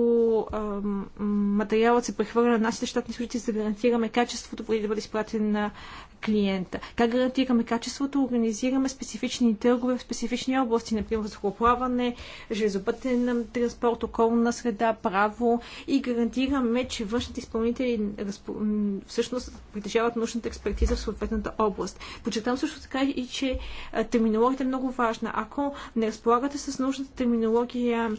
материалът се прехвърля на нашите щатни служители, за да гарантираме качеството преди да бъде изпратен на клиента. Как гарантираме качеството? Организираме специфични търгове в специфични области, например въздухоплаване, железопътен транспорт, околна среда, право и гарантираме, че външните изпълнители всъщност притежават нужната експертиза в съответната област. Почетам също така и, че терминологията е много важна. Ако не разполагате с нужната терминология,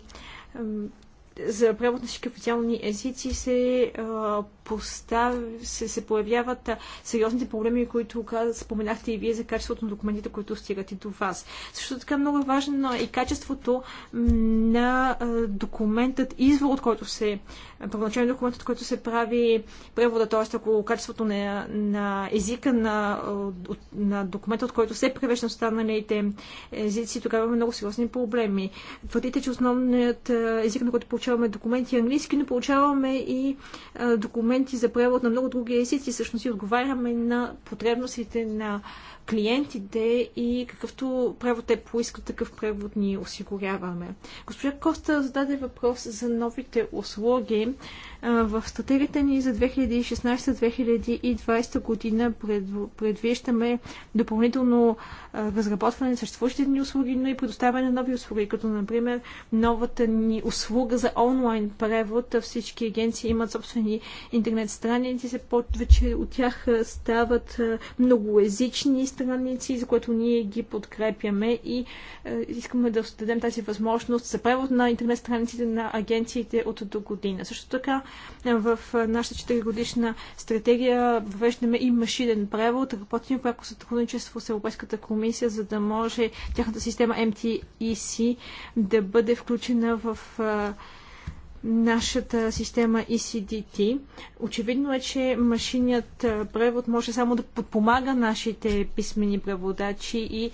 за превод на всички официални езици се, а, постав... се, се появяват а, сериозните проблеми, които каза, споменахте и вие за качеството на документите, които стигат и до вас. Също така много е важно и качеството на а, документът, извор, от който се първоначален документ, от който се прави превода, т.е. ако качеството на, на езика на, на документа, от който се превежда останалите езици, тогава имаме много сериозни проблеми. Твърдите, че основният език, на който получаваме документи е английски, но получаваме и документи за превод на много други езици. Всъщност и отговаряме на потребностите на клиентите и какъвто право те поискат, такъв превод ни осигуряваме. Госпожа Коста зададе въпрос за новите услуги. В стратегията ни за 2016-2020 година предвиждаме допълнително разработване на съществуващите ни услуги, но и предоставяне на нови услуги, като например новата ни услуга за онлайн превод. Всички агенции имат собствени интернет страници, се повече от тях стават многоязични страници, за което ние ги подкрепяме и искаме да дадем тази възможност за превод на интернет страниците на агенциите от до година. Също така в нашата 4 годишна стратегия въвеждаме и машинен превод. Работим пряко сътрудничество с Европейската комисия, за да може тяхната система MTEC да бъде включена в нашата система ECDT. Очевидно е, че машиният превод може само да подпомага нашите писмени преводачи и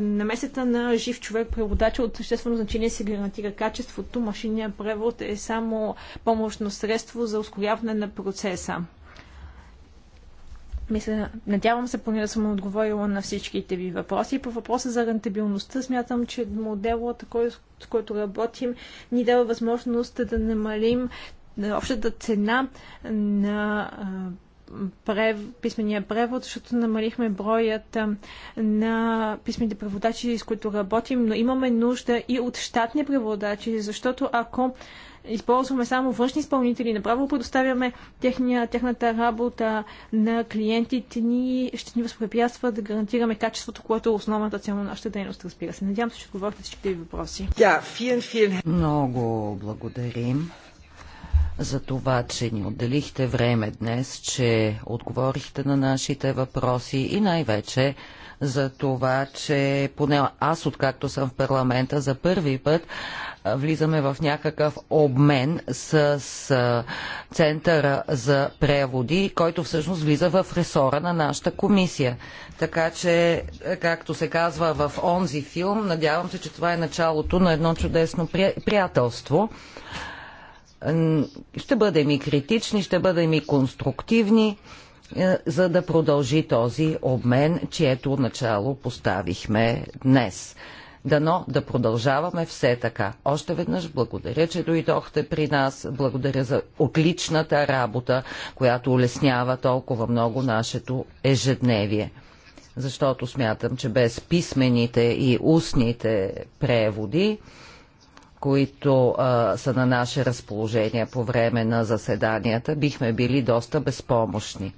намесата на жив човек преводача от съществено значение се гарантира качеството. машинният превод е само помощно средство за ускоряване на процеса. Мисля, надявам се поне да съм отговорила на всичките ви въпроси. По въпроса за рентабилността смятам, че моделът, с който работим, ни дава възможност да намалим общата цена на прев, писмения превод, защото намалихме броят на писмените преводачи, с които работим, но имаме нужда и от щатни преводачи, защото ако използваме само външни изпълнители, направо предоставяме техния, техната работа на клиентите ни, ще ни възпрепятства да гарантираме качеството, което е основната цел на нашата дейност, разбира се. Надявам се, че отговорих на всичките ви въпроси. Да, vielen, vielen. Много благодарим за това, че ни отделихте време днес, че отговорихте на нашите въпроси и най-вече за това, че поне аз, откакто съм в парламента, за първи път влизаме в някакъв обмен с, Центъра за преводи, който всъщност влиза в ресора на нашата комисия. Така че, е, както се казва в онзи филм, надявам се, че това е началото на едно чудесно приятелство ще бъдем и критични, ще бъдем и конструктивни, е, за да продължи този обмен, чието начало поставихме днес. Дано да продължаваме все така. Още веднъж благодаря, че дойдохте при нас. Благодаря за отличната работа, която улеснява толкова много нашето ежедневие. Защото смятам, че без писмените и устните преводи, които а, са на наше разположение по време на заседанията, бихме били доста безпомощни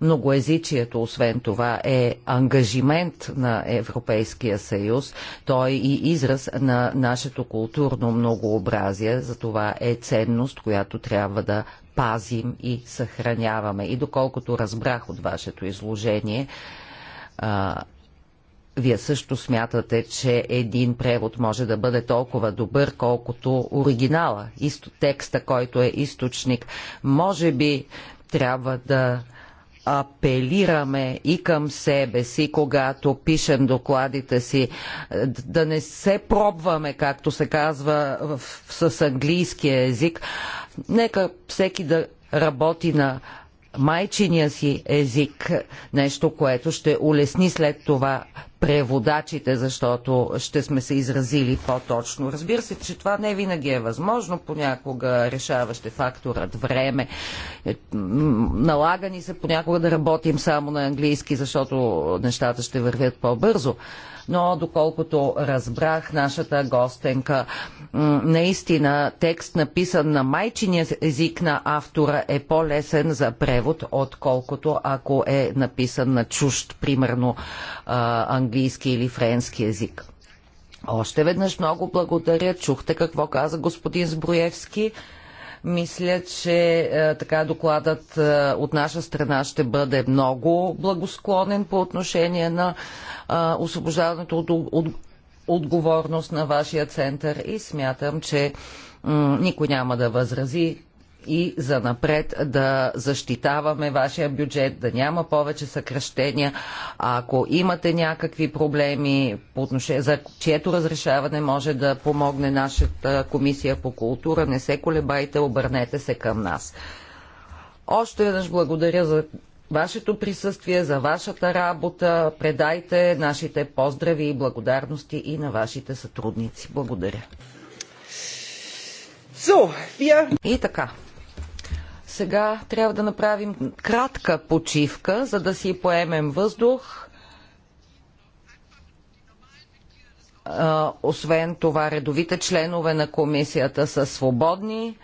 многоязичието, освен това, е ангажимент на Европейския съюз. Той и израз на нашето културно многообразие. За това е ценност, която трябва да пазим и съхраняваме. И доколкото разбрах от вашето изложение, а, вие също смятате, че един превод може да бъде толкова добър, колкото оригинала, текста, който е източник. Може би трябва да апелираме и към себе си, когато пишем докладите си, да не се пробваме, както се казва в, с английския език. Нека всеки да работи на майчиния си език, нещо, което ще улесни след това преводачите, защото ще сме се изразили по-точно. Разбира се, че това не винаги е възможно, понякога решаващ е факторът време. Е, налага ни се понякога да работим само на английски, защото нещата ще вървят по-бързо но доколкото разбрах нашата гостенка, наистина текст написан на майчиния език на автора е по-лесен за превод, отколкото ако е написан на чужд, примерно английски или френски език. Още веднъж много благодаря. Чухте какво каза господин Зброевски. Мисля, че е, така докладът е, от наша страна ще бъде много благосклонен по отношение на е, освобождаването от, от отговорност на вашия център и смятам, че никой няма да възрази и за напред да защитаваме вашия бюджет, да няма повече съкръщения. А ако имате някакви проблеми, за чието разрешаване може да помогне нашата комисия по култура, не се колебайте, обърнете се към нас. Още веднъж благодаря за вашето присъствие, за вашата работа. Предайте нашите поздрави и благодарности и на вашите сътрудници. Благодаря. So, wir... И така. Сега трябва да направим кратка почивка, за да си поемем въздух. Освен това, редовите членове на комисията са свободни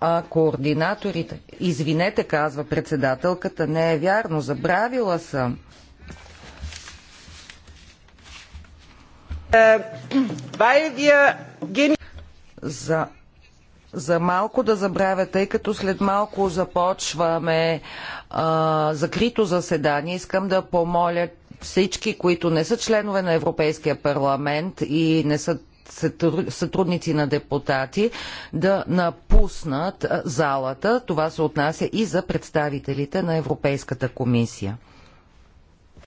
а координаторите. Извинете, казва председателката, не е вярно, забравила съм. Е, за за малко да забравя, тъй като след малко започваме а, закрито заседание. Искам да помоля всички, които не са членове на Европейския парламент и не са сътрудници на депутати да напуснат залата. Това се отнася и за представителите на Европейската комисия.